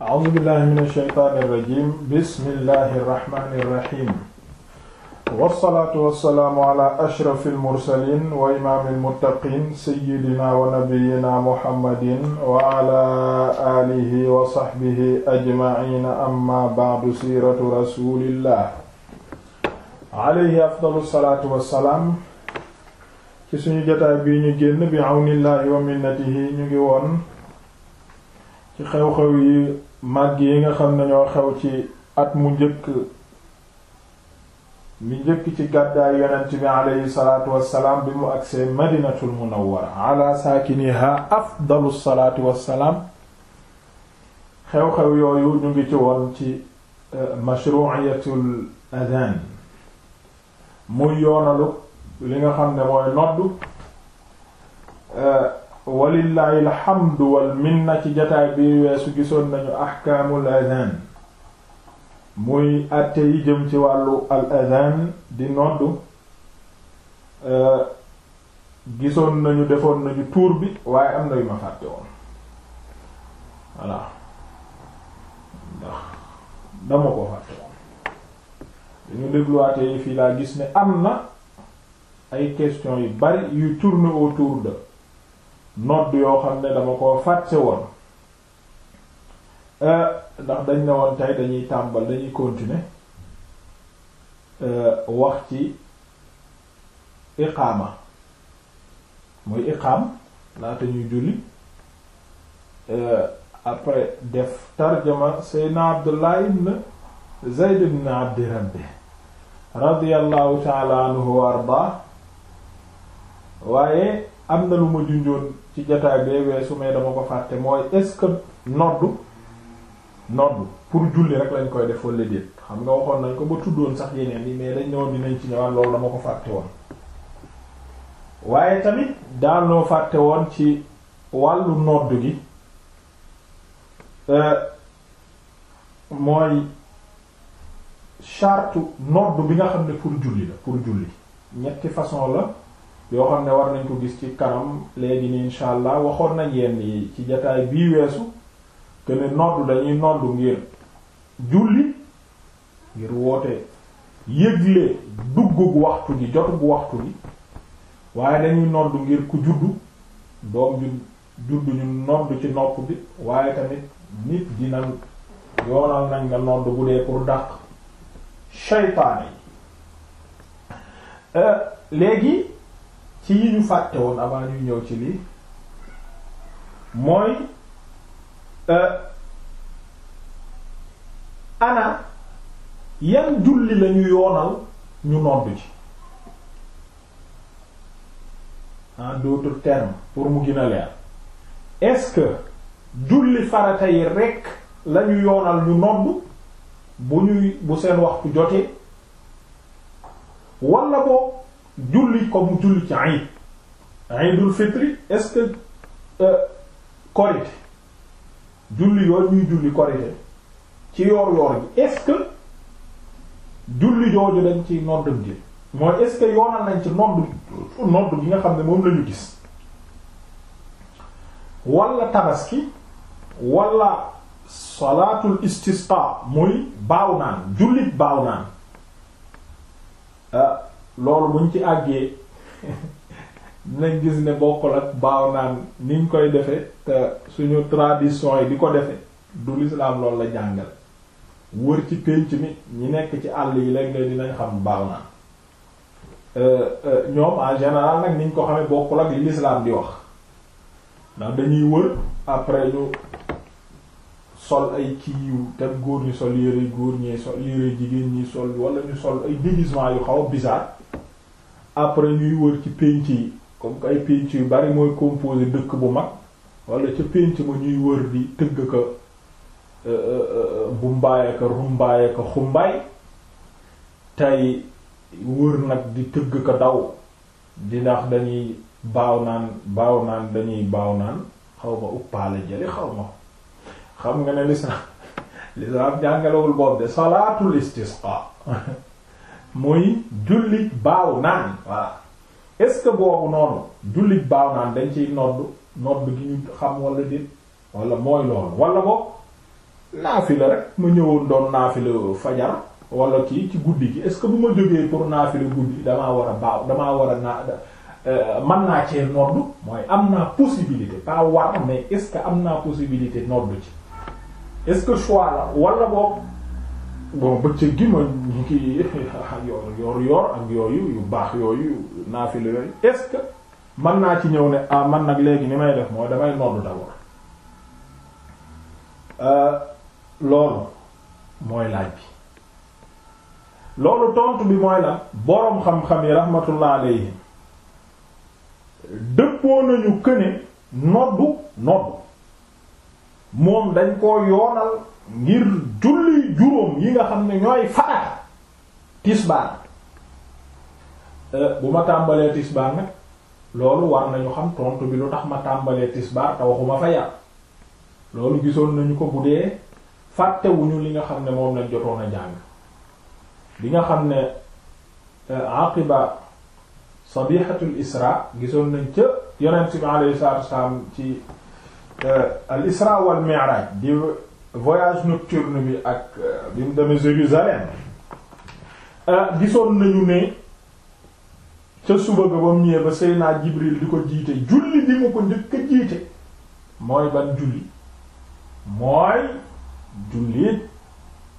a'uuzu billahi mina shaytaani rajiim bismillahi rahmaani rahiim wassalaatu wassalaamu ala ashrafil mursaliin wa imaamil muttaqiin sayyidinaa wa nabiyyinaa muhammadin wa ala aalihi wa sahbihi ajma'iin amma ba'du siiratu rasuulillah alayhi afdalu salaatu wassalaam ci suñu jotaay bii ñu génn bi awnillahi wa minnatihi ñu ngi woon ci xew-xew yi màgg yi nga xam ne ñoo xew ci at mu njëkk mu njëkk ci gàddaay yonent bi aleyhi salaatu wassalaam bi mu agsee madinatul munawwara ala saakiniha afdalu salaatu wassalaam xew-xew yooyu ñu ngi ci woon ci euh, mashru'iyatul adhan muy yoonalu li nga xam ne mooy nodd euh, walillahi la wal minna ci jataay bi weesu gisoon nañu ahkaamul adhan muy àtte yi jëm ci wàllu al di noddu euh, gisoon nañu defoon nañu tuur bi waaye am na yu ma fàtte woon voilà ndax dama ko fàtte woon dañu dégluwaatee fii laa gis ni am na ay question yu bari yu tourne autour de nodd yoo xam ne dama koo fàtte woon euh, ndax dañ ne woon tey dañuy tàmbal dañuy continuer euh, wax ci iqaama muy iqaam laata ñuy julli euh, après def tarjama Seydina Abdullah ibn na ibn Abdi Rabbi radiyallahu ta'ala anhu wa ardaa waaye am na lu ma junjoon ci jataay bee weesu mais dama ko fàtte mooy est-ce que noddu noddu pour julli rek lañ koy def walla déet xam nga waxoon nañ ko ba tuddoon sax yeneen yi mais dañ ñëwoon dinañ ci ñëwaat loolu dama ko fàtte woon waaye tamit daal noo fàtte woon ci wàllu nodd gi euh, mooy chart nodd bi nga xam ne pour julli la pour julli ñetti façon la yoo xam ne war nañ ko gis ci kanam léegi ni incha allah waxoon nañ yenn yi ci jataay bii weesu que ne noddu dañuy noddu ngir julli ngir woote yëgle duggug waxtu ji jotug waxtu ji waaye dañuy noddu ngir ku juddu doom ju juddu ñu noddu ci nopp bi waaye tamit nit dina yoonal nañ nga noddu bu dee pour dàq shaytaane yi euh, léegi ci yi ñu fàtte woon avant ñuy ñëw ci lii mooy euh, ana yan julli lañu yoonal ñu nodd ci en d'autres termes pour mu gën leer est-ce que julli farata yi rekk lañu yoonal ñu nodd bu ñuy bu seen waxtu jotee walla boo julli comme julli ci iid iidul fitri est-ce que euh, korite julli yooyu ñuy julli korite ci yoor yoor gi est-ce que julli ci noddam ji mooy est-ce que nañ ci nodd nodd gi nga xam ne moom lañu gis walla tabaski walla salaatul istisqa muy baaw naan jullit baaw naan euh, loolu buñ ci àggee dinañ gis ne bokkul ak baaw naan niñ koy defe suñu tradition yi di ko defe du lislaam loolu la jàngal wër ci pénc mi ñi nekk ci àll yi léeg-léeg dinañ xam baaw naan euh, euh, ñoom en général nag niñ ko xamee bokkul ak li lislaam di wax ndax dañuy wër après ñu sol ay kii yu te góor ñi sol yére góor ñee sol yére jigéen ñi sol wala ñu sol ay déguisement yu xaw a après yuy wër ci pénc yi comme que ay pénc yu bari mooy composé dëkk bu mag walla ca pénc ma ñuy wër di tëgg ko euh, euh, euh, bu mbaay ka rumbaay ka xumbaay tey wër nag di tëgg ko daw di ndax dañuy baaw naan baaw naan dañuy baaw naan xaw ma uppaale jëli xaw ma xam nga ne lislaam lislaam jàngalewul boobu de salaatul istisqa mooy jullit baaw naan voilà est boobu noonu jullit baaw naan dañ ciy nodd nodd gi ñu xam wala déet wala mooy loolu wala boog naafila rek ma ñëwoon doon naafila fajar wala kii ci guddi gi est-ce que bu ma jógee pour naafila guddi damaa war a baaw damaa war a naa euh, mën naa ci nodd mooy am naa possibilité pas war mais est-ce que am naa possibilité nodd ci est-ce la wala boog bon bëccëg gi ma ñu ki yor yor yor ak yooyu yu baax yooyu naafila yooyu est-ce que mën naa ci ñëw ne ah man nag léegi ni may def mooy damay nodd d'abord euh, loolu mooy laaj bi loolu tontu bi mooy la boroom xam-xam yi rahmatullah alayhim dëppoo nañu këne noddu noddu moom dañ koo yoonal ngir julli juróom yi nga xam ne ñooy farata tisbaar euh, bu ma tàmbalee tisbaar nag loolu war nañu xam tontu bi lu tax ma tàmbalee tisbaar te waxuma fa yàq loolu gisoon nañu ko bu dee fàttewuñu li nga xam ne moom lañ jotoon a jàng li nga xam ne euh, aqiba sabihatul isra gisoon nañ ca yonent bi alayhi ci euh, al isra wal mi'raj voyage nocturne bi ak euh, bi mu demee Jérusalem euh, gisoon nañu ne ca suba ba ba mu ñëwee ba Seydina Jibril di ko jiite julli bi mu ko njëkk a jiite mooy ban julli mooy julli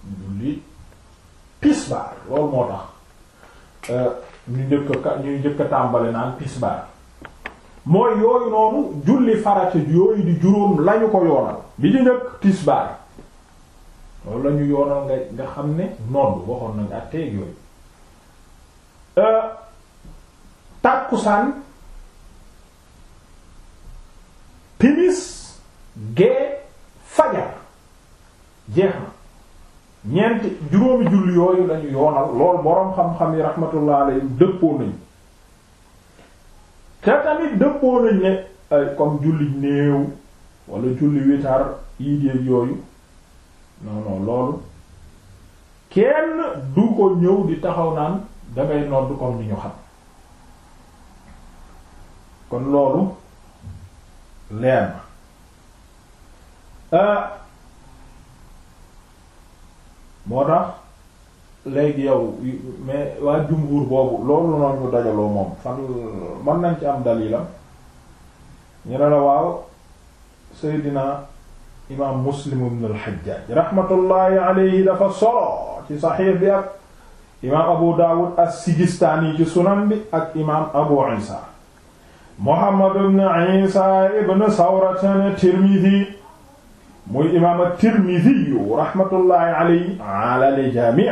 julli tisbaar loolu moo tax euh, ñu njëkk ñu njëkk a tàmbale naan tisbaar mooy yooyu noonu julli farata yooyu di juróom lañu ko yoonal bi di njëkk tisbaar loolu la yoonal nga nga xam ne nodd waxoon na nga ak teeg yooyu euh, tàkkusaan timis gee fajar jeex na ñeenti juróomi julli yooyu lañu yoonal lool boroom xam-xam yi rahmatullah alayhim dëppoo nañu te tamit dëppoo nañ ne comme julli néew wala julli witar iidéeg yooyu non non loolu kenn du ko ñëw di taxaw naan dangay nodd comme ni ñu xam kon loolu leer na euh, moo tax léegi yow mais waa jumhur boobu loolu noonu ñu dajaloo moom fan mën nañ ci am dalila ñu ne la waaw Seydina imaam muslim ibn al-Hajjaj rahmatullahi alayhi dafa solo ci saxiix bi ak imaam abu daawud as-Sijistaani ci sunan bi ak imaam abu Isa Muhammad ibn Isa ibn Sawratan Tirmidhi muy imaam at-Tirmidhi rahmatullahi alayhi ala al-jamii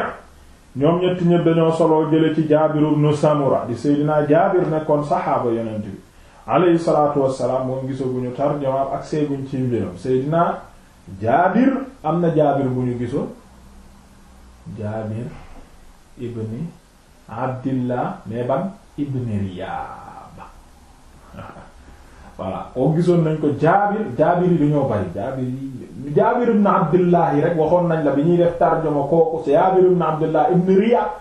ñoom ñetti ñëpp dañoo solo jële ci Jaabir ibn Samura di Seydina Jaabir nekkoon saxaaba yonent bi alayhi salaatu wassalaam moom gisaguñu tarjamaam ak seeguñ ci mbiram Seydina Jaabir am na Jaabir bu ñu gisoon Jaabir ibni Abdillah mais ban ibni Riyaab voilà oo gisoon nañ ko Jaabir Jaabir yi dañoo ibn Abdillah waxoon nañ la bi ñuy ibn Riyaab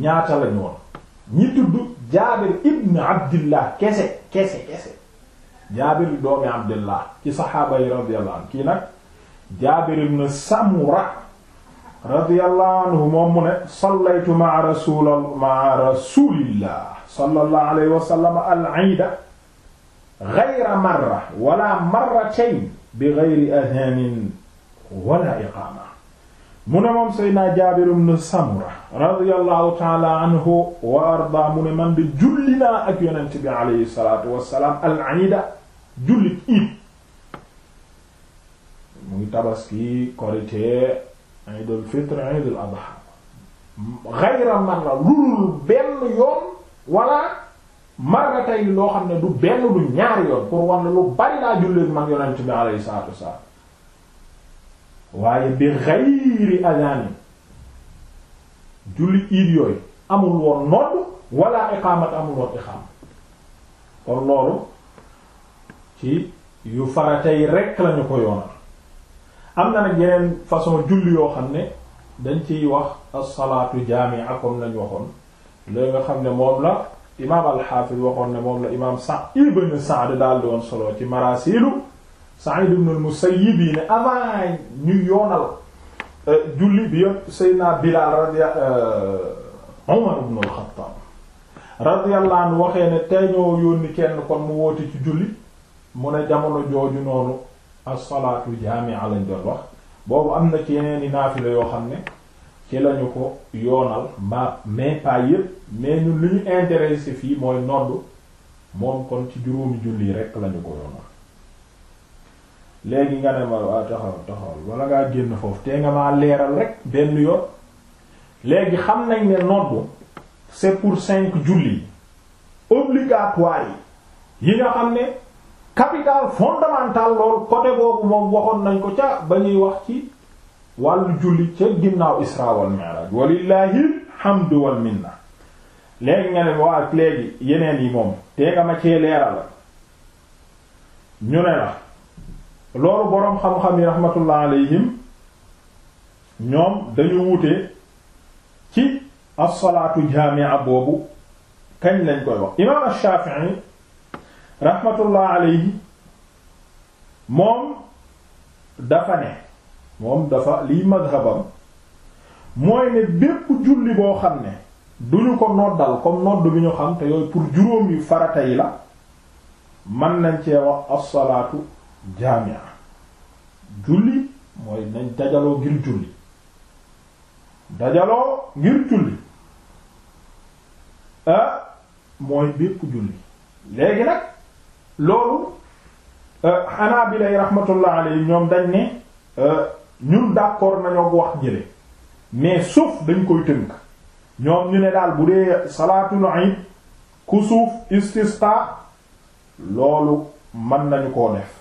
ñaata lañu woon ñi tudd Jaabir ibn Abdillah kese kese kese jaabir doomi abdillah ci saxaaba yi radiyallahu anhu kii nag jaabir ibn samura radiyallahu anhu moom mu ne sallaytu ma'a rasul ma'a rasulillah sallallahu alayhi wa sallam al-iida ghayra marra wala marratayn bi ghayri adhaanin wala iqaama mu ne moom Seydina Jaabir ibn Samura radiyallahu taala anhu wa arda mu man de julli naa ak yonent bi alayhi salaatu wassalaam al-iida jullit iid muy tabaski korite iid al-fitr iid al-adha ghayra marra lulul yoon wala marra tey loo xam ne du benn du ñaari yoon pour wax lu bari jullit man yonent bi alayhi salaatu wassalaam waaye bi xayri adaanin julli iid yooyu amul woon nodd wala iqaamat amul woon iqaam kon loolu ci yu faratey rekk lañu ko yoonal am na nag façon julli yoo xam ne dañ ciy wax as-salaatu jaami'a comme lañ waxoon loolu nga xam ne moom la imaam al-Hafiz waxoon ne moom la imaam Sa'd ibn Sa'd daal di woon solo ci marasilu Sa'id ibn al-Musayyib yi ne avant ñu yoonal euh, julli bi yëpp Seydina Bilaal radia Umar euh, ibn al-Khattab radiyallahu ne tey ñoo kenn kon mu woote ci julli mu ne jamono jooju noonu as-salaatu jaami'a lañ wax boobu am na ci yeneen i naafila yoo xam ne ci lañu ko yoonal ma mais pas yëpp mais ñun li ñu intéressé fii mooy nodd moom kon ci juróomi julli rek lañu ko yoonal léegi nga ne ma waa ah, taxawal taxawal ngaa génn foofu tee nga maa leeral rek benn yoon léegi xam nañ ne noddu c'est pour cinq julli obligatoire yi yi nga xam ne capital fondamental lool côté boobu moom waxoon nañ ko ca ba ñuy wax ci wàllu julli ca ginnaaw isra wal mi'raj walillahi hamdu wal minna léegi nga ne ma waa léegi yeneen yi moom te nga ma cee leeral ñu ne la loolu boroom xam-xam yi rahmatullah alayhim ñoom dañu wute ci as-salaatu jaami'a boobu kañ lañ koy wax imaam ash-Shafi'i rahmatullah moom dafa ne moom dafa liy madhabam mooy ne bépp julli boo xam ne duñu ko noddal comme nodd bi ñu xam te yooyu pour juróom yu farata yi la mën nañ cee wax as jaamia julli mooy nañ dajaloo ngir julli dajaloo ngir julli ah mooy bépp julli léegi nag loolu ah, Hanaabila rahmatullah alayhi ñoom dañ ne ah, ñun d'accord nañoo wax jële mais suuf dañ koy tënk ñoom ñu ne daal bu dee salaatul iid kusuuf istisqa loolu mën nañu koo def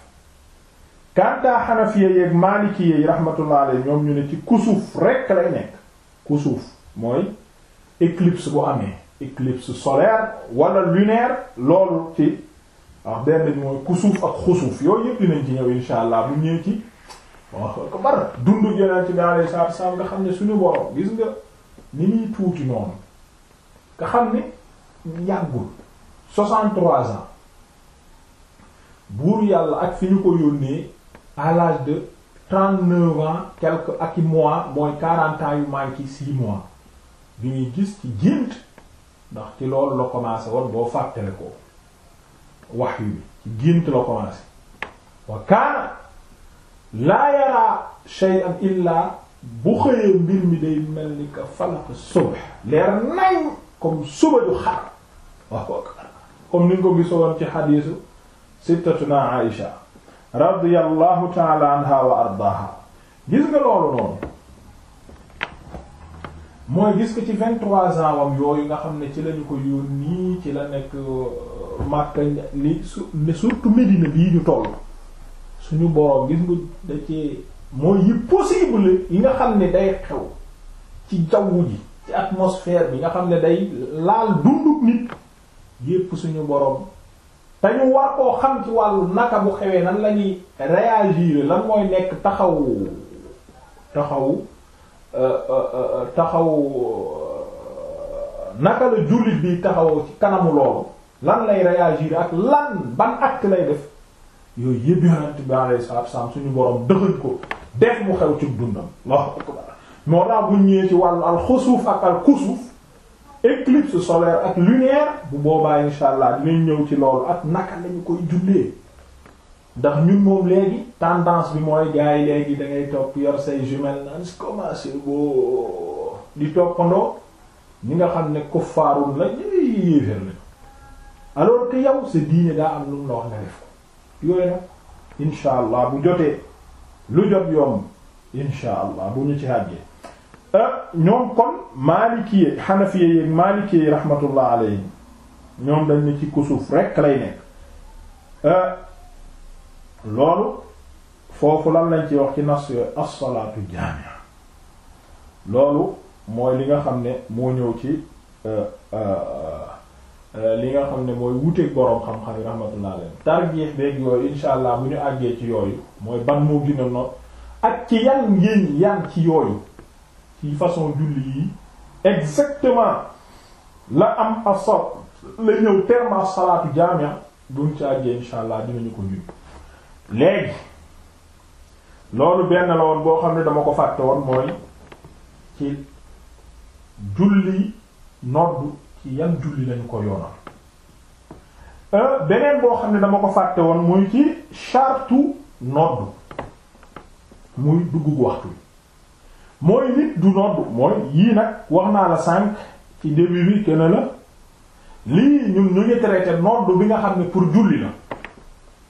kanta xanafiya yeeg maaliki yeey rahmatullah alayhi ñoom ñu ne ci kusuuf rekk lay nekk kusuuf mooy éclipse bu amee éclipse solaire wala lunaire loolu ci wax benn bi mooy kusuuf ak xusuuf yooyu yëpp dinañ ci ñëw insha allah bu ñëwee ci wax ko bar dund yonent bi alayhi salaatu nga xam ne suñu borom gis nga ni muy tuuti noonu nga xam ne yàggul 63 ans buur yàlla ak fi ñu ko yónnee à l'âge de trent neuf ans quelques ak i mois mooy quarante ans yu manqué six mois bi ñuy gis ci gént ndax ci loolu la commencé woon boo fàttale ko wax yu ci gént la commencé wa kaana laa yaraa shay'an illaa bu xëyee mbir mi day mel ni ka falaq subh leer nañ comme suba du xar comme ni nga ko gisoon ci xadiisu sittatuna Aïsha radiyallahu taala anha wa ardaha gis nga loolu noonu mooy gis ko ci vingt-trois ans wam yooyu nga xam ne ci lañu ko yónni ci la nekk euh, Makka li su surtout bii ñu toll suñu boroom gis nga da ci mooy yi possible yi nga xam ne day xew ci jaww ji ci atmosphère bi nga xam ne day laal dunduk nit yépp suñu boroom te ñu war koo xam ci wàllu naka bu xewee nan la ñuy réagir lan mooy nekk taxawu taxawu euh, euh, euh, taxawu naka la jullit bi taxaw ci kanamu loolu lan lay réagir ak lan ban acte lay def yooyu yëpp yonent bi alayhi suñu borom dëxëñ ko def mu xew ci dundam moo tax bu ñëwee ci wàllu al ak al éclipse solaire ak lunaire bu boobaa insha allah dinañ ñëw ci loolu ak naka lañu koy jullee ndax ñun moom léegi tendance bi mooy gars yi léegi da ngay topp yor say jumelles naan commencé boo di toppandoo ñi nga xam ne kuffaarun la ñuy yéeféer lañu alors que yow sa diine daa am lu mu la wax ko yooyu nag insha allah bu jotee lu jot yomb insha allah bu ñu ci àggee Euh, ñoom kon maalikiyee xanafiyee yeeg maalikiyee rahmatullah alayhi ñoom dañ ne ci kusuf rekk lay nekk euh, loolu foofu lan lañ ci wax ci nas yooyu as-salaatu jaami'a loolu mooy li nga xam ne moo ñëw ci euh, li nga xam ne mooy wuteeg boroom xam-xam yi rahmatullah alayhi tarjeex beeg yooyu insha allah bu ñu àggee ci yooyu mooy ban moo gën a ak ci yan ngéeñ yan ci yooyu ci façon julli yi exactement la am asab la ñëw terment salaatu jaami'a buñ ci àggee insha allah dinañu ko jub léegi loolu benn la woon boo xam ne dama ko fàtte woon mooy ci julli noddu ci yan julli lañu ko yoonal euh, beneen boo xam ne dama ko fàtte woon muy ci chartu noddu muy duggu waxtu mooy nit du noddu mooy yii nag wax naa la sànq ci début bi kenn la lii ñun ñu ngi traité noddu bi nga xam ne pour julli la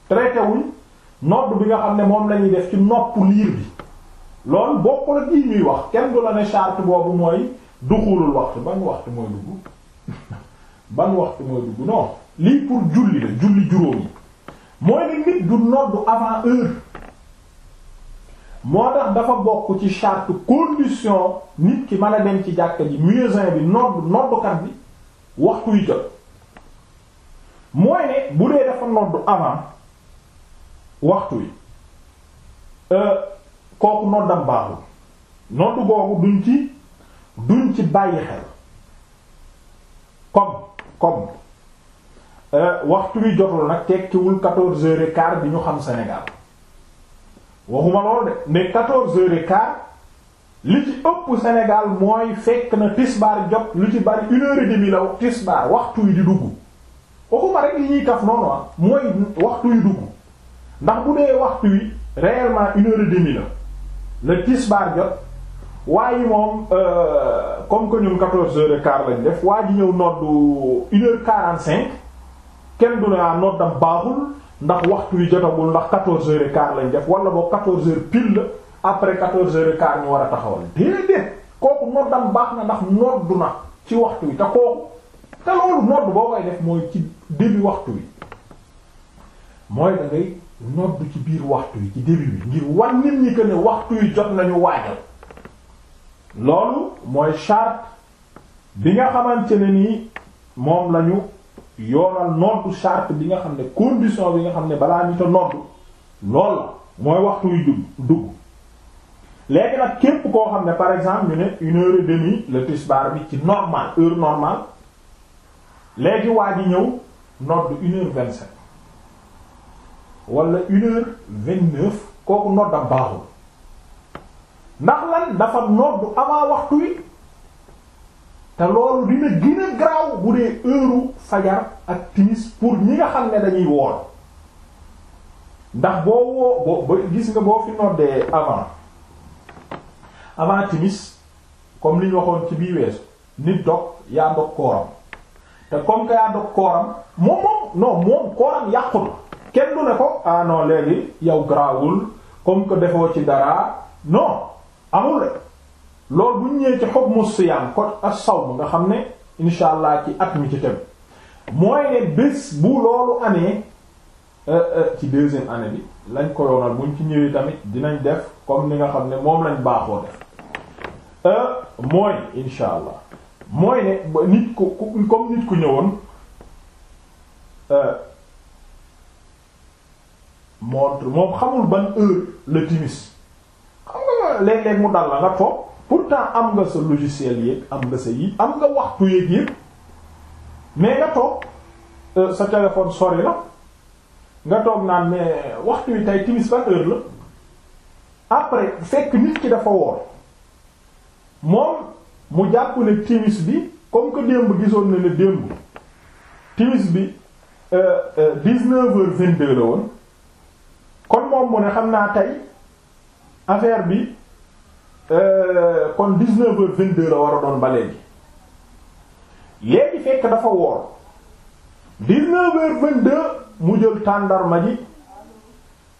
traité wuñ noddu bi nga xam ne moom lañuy def ci nopp liir bi loolu bokkul ak yii ñuy wax kenn du la ne charte boobu mooy duxulul waxtu ban waxtu mooy dugg ban waxtu mooy dugg non lii pour julli la julli juróom yi mooy nit du noddu avant heure. moo tax dafa bokk ci charte condition nit ki mën a dem ci jàkka ji muezzin bi nodd noddukat bi waxtu yu jot mooy ne bu dee dafa nodd avant waxtu wi euh, kooku noddam baaxul noddu boobu duñ ci duñ ci bàyyi xel comme comme euh, waxtu wi jotul nag tekkiwul quatorze heures quart bi ñu xam Sénégal waxuma lool de mais quatorze heures et quart li ci ëpp Sénégal mooy fekk na tisbaar jot lu ci bari une heure et demie la tisbaar waxtu yi di dugg waxuma rek li ñuy taf noonu ah mooy waxtu yi dugg ndax bu dee waxtu yi réellement une heure et demie la le tisbaar jot waaye moom euh, comme que ñun quatorze heures et quart lañ def waa ji ñëw noddu une heure quarante cinq kenn du ne ah baaxul ndax waxtu yu jotagul ndax quatorze heures et quart lañ def wala boo quatorze heures pile la après quatorze heures et quart ñu war a taxawal déedéet kooku noddam baax na ndax noddu na ci waxtu wi te kooku te loolu nodd boo koy def mooy ci début waxtu wi mooy da ngay ci biir waxtu yi ci début bi ngir wan nit ñi que ne waxtu yi jot nañu waajal loolu mooy charte bi nga xamante ne nii moom lañu yoonal noddu charte bi nga xam ne condition bi nga xam ne balaa ñu te noddu lool la mooy waxtu yu dugg dugg léegi nag képp koo xam ne par exemple ñu ne une heure et demie le tisbaar bi ci normal heure normale léegi waa ji ñëw noddu une heure vingt sept wala une heure vingt neuf kooku noddam baaxul ndax lan dafa noddu avant waxtu wi te loolu dina gën a bu dee heure fajar ak timis pour ñi nga xam ne dañuy woor ndax boo woo gis nga boo fi noddee avant avant timis comme li ñu waxoon ci bii weesu nit dog yaa dog kooram te comme que yaa dog kooram moom moom non moom kooram yàqul kenn du ne ko ah non léegi yow garaawul comme que defoo ci dara non amul loolu bu ñu ñëwee ci hukmu siyaam kon as-sawm nga xam ne insha allah ci at mi ci tegu mooy ne bés bu loolu amee euh, euh, ci deuxième année bi lañ ko yoonal buñ ci ñëwee tamit dinañ def comme ni nga xam ne moom lañ baaxoo def euh, mooy insha mooy ne nit ku comme nit ku ñëwoon montre moom xamul ban heure le timis xam nga léeg-léeg mu dal la nga toog pourtant am nga sa logiciel yéeg am nga sa yi am nga waxtu yéeg yépp mais nga toog euh, sa téléphone sori la nga toog naan mais waxtu wi tey timis ban heure la après fekk nit ki dafa woor moom mu jàpp ne timis bi comme que démb gisoon na ne démb timis bi euh, euh, dix-neuf heures la woon kon moom mu ne xam naa tey affaire bi Euh, kon dix-neuf heures war a doon balee ji léegi fekk dafa woor dix-neuf mu jël tàndarma ji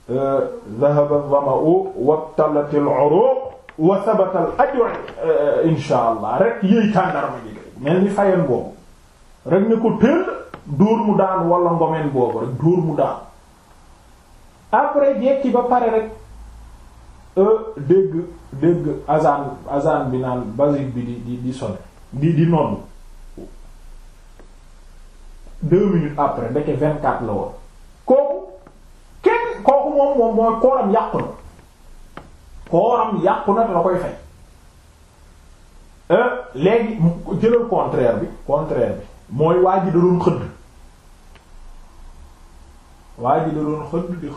dhahaba euh, dhama'u wabtalat al-uruq wa thabata al-ajr euh, insha allah rek yëy tàndarma ji mel ni fayeen boobu rek ni ko tëll dóor mu daan wala ngomeen boobu rek dóor mu daan après jekki ba pare rek dégg dégg azan azan bi naan basik bi di di di sonné di di nodd deux minutes après ndeke vingt quatre la woon kooku kenn kooku moom moom mooy kooram yàqu na kooram yàqu na te la koy fay euh, léegi jëlal contraire bi contraire bi mooy waa ji da doon xëdd waa da doon xëdd di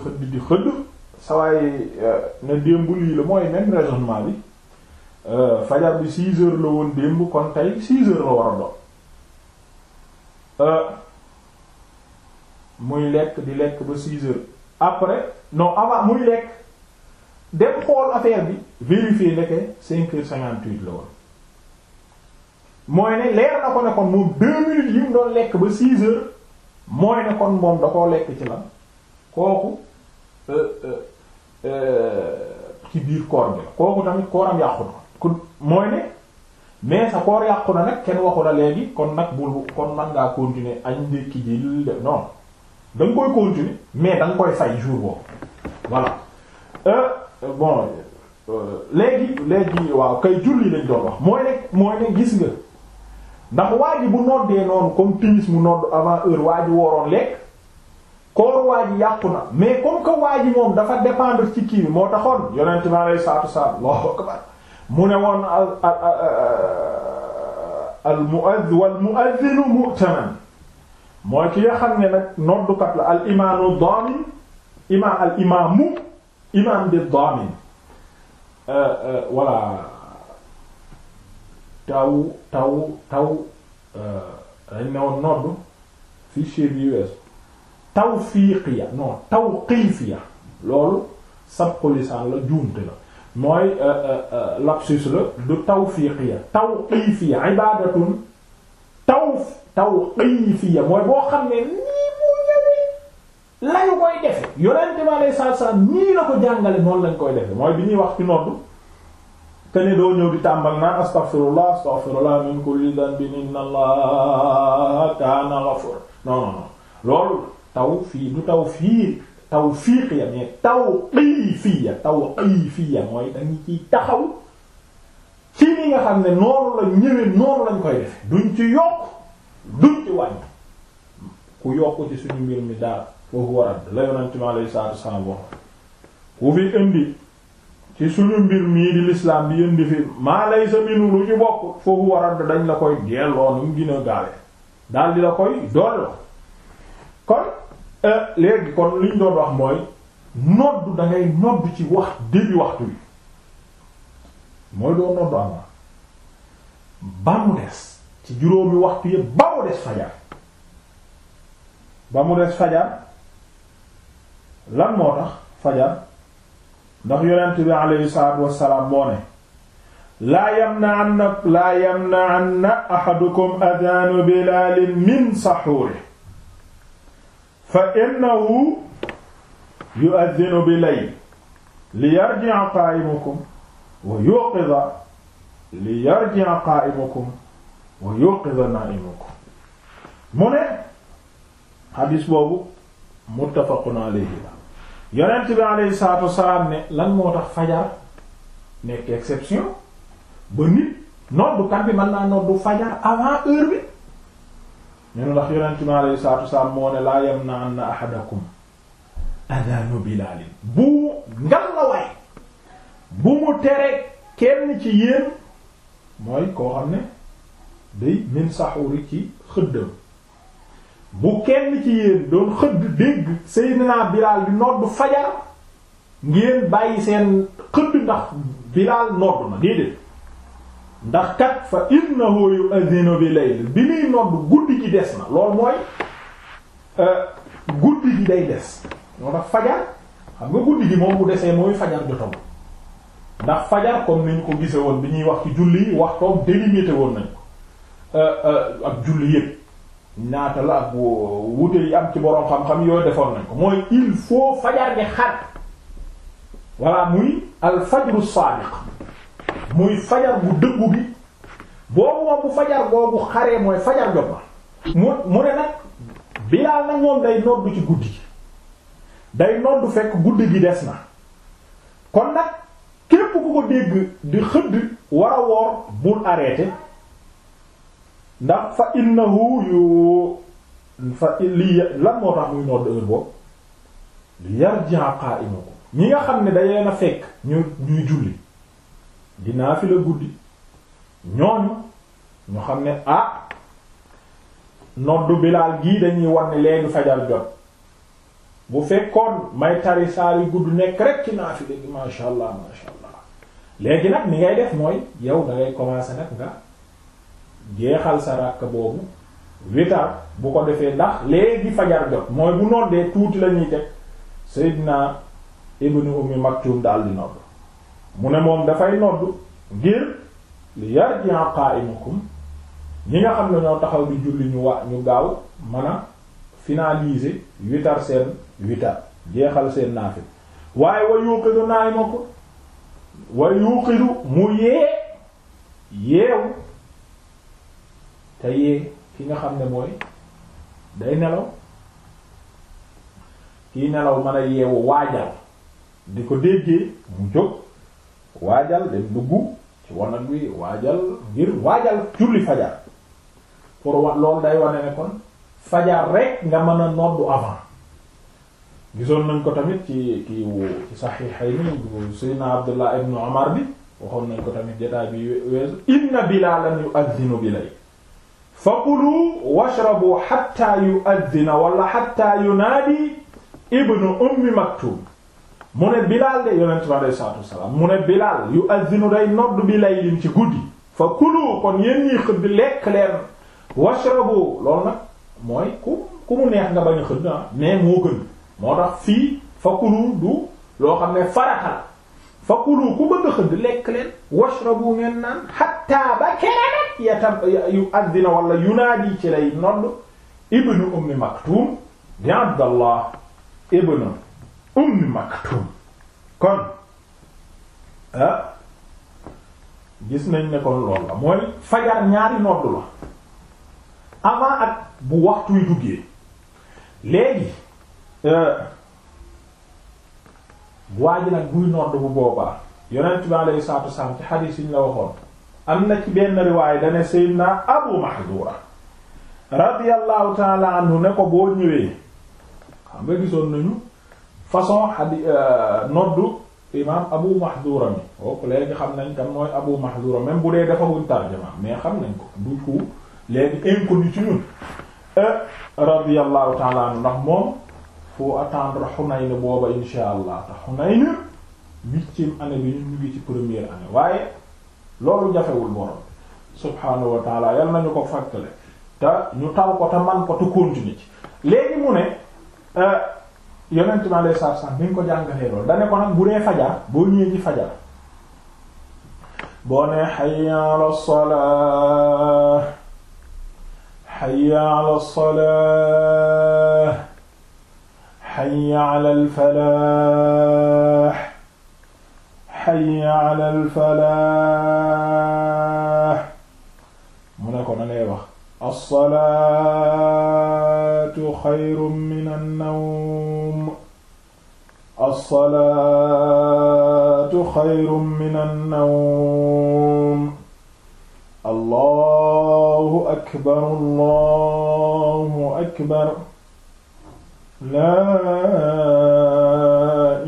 xëdd di xëdd sawaay euh, ne démb lii la mooy même raisonnement bi euh, fajar bi six heures la woon démb kon tey six heures la war a doon euh, muy lekk di lekk ba six heures après non avant muy lekk dem xool affaire bi vérifier ndeke cinq heures cinquante-huit la woon mooy ne leer na ko ne kon moom deux minutes yi doon lekk ba six heures mooy ne kon moom da koo lekk ci la kooku Euh, euh, euh, ci biir koor bi la kooku tamit kooram yàqu na kon mooy ne mais sa koor yàqu na nag kenn waxu la léegi kon nag bul kon man ngaa continuer añ ndékki ji li def koy continuer mais da nga koy fay jour boobu voilà bon léegi léegi waaw kay julli lañ doon wax mooy ne mooy ne gis nga ndax waa ji bu noddee noonu comme timis mu nodd avant heure waa ji wooroon lekk koor waa ji yàqu na mais comme que moom dafa dépendre ci kii moo taxoon yonent mi alayhi salaatu wassalaam Allahu mu ne woon al al al mu'adh wal mu'adhdhin ki nga xam ne nag noddukat la al imaanu al imaamu imaam bi euh, euh, taw taw taw euh, dañ ne woon noddu fichier bi US tawfiiqiya non tawqiifiya loolu sabqu lisaan la juumte la mooy euh, euh, euh, lapsus la du tawfiiqiya tawqiifiya ibaadatun taw tawqiifiya mooy boo xam ne nii mu ñëwee lañu koy defe yonente bi alayhi salaatu salaam nii la ko jàngale noonu lañ koy defe mooy bi ñuy wax ci noddu kene doo ñëw di tàmbal naan astaghfirullah astaghfirullah min kulli dhanbin inna allaha kaana ghafur non non loolu taw fii du taw fii taw fii xiya mais taw fii fiya taw xii fiya mooy dañu ciy taxaw ci ni nga xam ne noonu la ñëwee noonu lañ koy defe duñ ci yokk duñ ci wàññ ku yokk ci suñu mbir mi daal foofu warat la yonent mi alayhi salaatu wassalaam waxoon ku fi indi ci suñu mbir mii di lislaam bi indi fi maa laysa lu ci bokk foofu warat dañ la koy delloo nu mu gën a gaawee di la koy dool kon euh, léegi kon liñ doon wax mooy noddu da ngay noddu ci wax début waxtu wi mooy doo noddu avant ba mu des ci juróomi waxtu yëpp ba mu des fajar ba mu des fajar lan moo tax fajar ndax yonent bi alayhi salaatu wassalaam moo ne laa yamna'anna laa yamna'anna ahadukum adhaanu bilaalin min sahuurihi fa innahu yu'adhdhinu bi layl li yarji'a qaa'imukum wa yuqidha li yarji'a qaa'imukum wa yuqidha naa'imukum mu ne xadis boobu muttafaqun alayhi la yonent bi alayhi salaatu wasalaam ne lan moo tax fajar nekk exception ba nit noddukat bi mën naa noddu fajar avant heure bi ñu ne ndax yonent mi alayhi salaatu wasalaam moo ne laa yam na an ahadakum adanu bilaalin bu ngal la waay bu mu tere kenn ci yéen mooy koo xam ne day min saxuri ci xëddam bu kenn ci yéen doon xëdd dégg Seydina Bilaal di nodd fajar ngeen bàyyi seen xëdd ndax Bilaal nodd na déedéet ndax kat fa innahu yu'adhinu bi layl bi muy nodd guddi gi des na lool mooy euh, guddi gi day des moo tax fajar xam nga guddi gi moom bu desee mooy fajar jotam ndax fajar comme ni ñu ko gise woon bi ñuy wax ci julli yi waxtoom délimité woon nañ ko euh, euh, ak julli yépp ñaata la ak wute yi ci boroom xam-xam yooyu defoon nañ ko mooy il faut fajar gi xar walla muy al fajru muy fajar bu dëggu gi boobu moom bu fajar boobu xaree mooy fajar jot na mu mu ne nag Bilaal nag moom day noddu ci guddi day noddu fekk guddi gi des na kon nag képp ku ko dégg di xëdd war a woor bul arrêté ndax fa innahu yu fa li lan moo tax muy nodd heure boobu li yarji'a qa'imukum ñi nga xam ne day leen a fekk ñu ñuy julli dinaa fi la guddi ñooñu ñu xam ne ah noddu bilaal gii dañuy wan ne léegi fajar jot bu fekkoon may tari saari gudd nekk rek ci naa fi léegi masha allah masha allah léegi nag ni ngay def mooy yow da ngay commencer nag nga jeexal sa ràkk boobu witar bu ko defee ndax léegi fajar jot mooy bu noddee tuuti la ñuy teg Seydina Ibnu Ummi Maktum daal di nodd mu ne moom dafay nodd ngir li yarji'a qa'imukum ñi nga xam ne taxaw di julli ñu wa ñu gaaw mën a finaliser witar seen witar jeexal seen naafil waaye wa yuqidu na'imakum wa yuqidu mu yee yeewu te yee ki nga xam ne mooy day nelaw kii nelaw mën a yeewu waajal di ko déggee mu jóg waajal dem dugg ci wanag wi waajal ngir julli fajar pour wa day wane ne kon fajar rek nga mën a noddu avant gisoon nañ ko tamit ci ki wu ci saxiixayni Abdullah ibnu Umar bi ko bi weesu inna Bilaalan yu'adhdhinu bilayl fakulu washrabu hatta yu'adhdhina wala hatta yunaadi ibnu ummi Maktum mu ne bilaal de yonent bi aleyhi salaatu wasalaam mu ne bilaal yu azinu day nodd bi laylin ci guddi fa kulu kon yéen ñii xëdd lekk leen washrabu loolu nag mooy ku ku mu neex nga bañ a xëdd ah mais moo gën moo tax fii fa kulu du loo xam ne farata fa kulu ku bëgg a xëdd lekk leen washrabu ngeen naan hatta ba keneen ya tam yu azina wala yunaadi ci lay nodd ibnu ummi maktum di abdallah ibnu ummi maktum kon gis nañ ne kon lool la mooy fajar ñaari nodd la avant ak bu waxtuy duggee léegi waa ji nag buy nodd bu boobaa yonent bi alayhi salaatu wasallam ci xadiis yi ñu la waxoon am na ci benn riwaay dane Seydina Abu Mahdura radiyallahu ta'ala anhu ne ko boo ñëwee xam nga gisoon nañu façon xadi euh, noddu imam abu mahdura mi kooku léegi xam nañ kan mooy abu mahdura même bu dee defaguñ tarjama mais xam nañ ko du ko léegi inconnu ci ñun euh, radiyallahu taala anu ndax moom faut attendre Hunayn booba insha allah te Hunayn huitième année bi ñu ngi ci première année waaye loolu jafewul borom subhaanahu wa yal nañu ko fàttale te ñu tal ko te man ko te continuer ci léegi mu ne euh, yonent bi alayhi salaatu salaam bi ñu ko jàngalee loolu da ne ko nag bu dee fajar boo ñëwee fajar boo nee hayya ala salaa hayya ala salaa hayya ala al falaah hayya ala al falaah mu ne ko na ngay salaa xayrun minan nawm as-salaatu xayrun minan nawm allahu akbar allahu akbar laa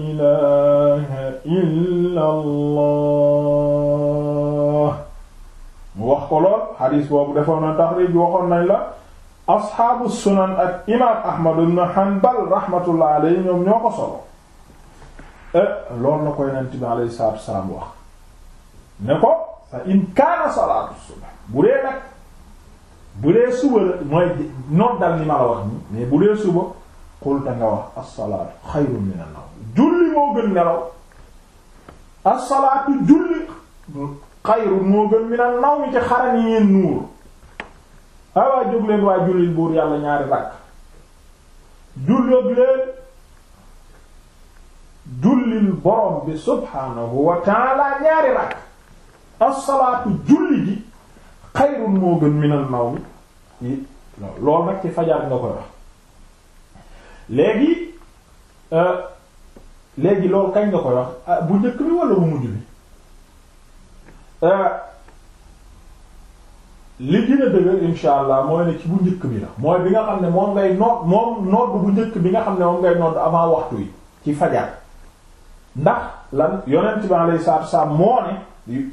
ilaaha illa allah mu wax ko lool xadiis boobu defoon na taxriij waxoon nañ la asxaabu sunan ak imaam Ahmad ibn Hanbal rahmatullah alayhi ñoom ñoo ko solo eh, loolu la ko yonent bi alayhi salaatu wassalaam wax ne ko fa in kaana salaatu subh bu dee nag bu dee suba la mooy noon dal ni ma la wax ni mais bu dee suba qul da nga wax as-salaatu xayrun min an-nawm julli moo gën nelaw as-salaatu julli xayrun moo gën min an-nawm ci xaran yi nuur awaa ah, jóg leen waa jullil buur yàlla ñaari rakk julloog leen jullil borom bi subhaanahu wa taala ñaari rakk assalaatu julli ji xayrun moo gën minal nawmi yi loolu nag ci fajar nga koy wax léegi euh, léegi loolu kañ nga koy wax ah, bu njëkk bi wala bu mujj bi euh, li gën a dëgër insha allah mooy ne ci bu njëkk bi la mooy bi nga xam ne moom ngay noot moom noot bu njëkk bi nga xam ne moom ngay noot avant waxtu yi ci fajar ndax lan yonent bi alayhi salaatu wasallam moo ne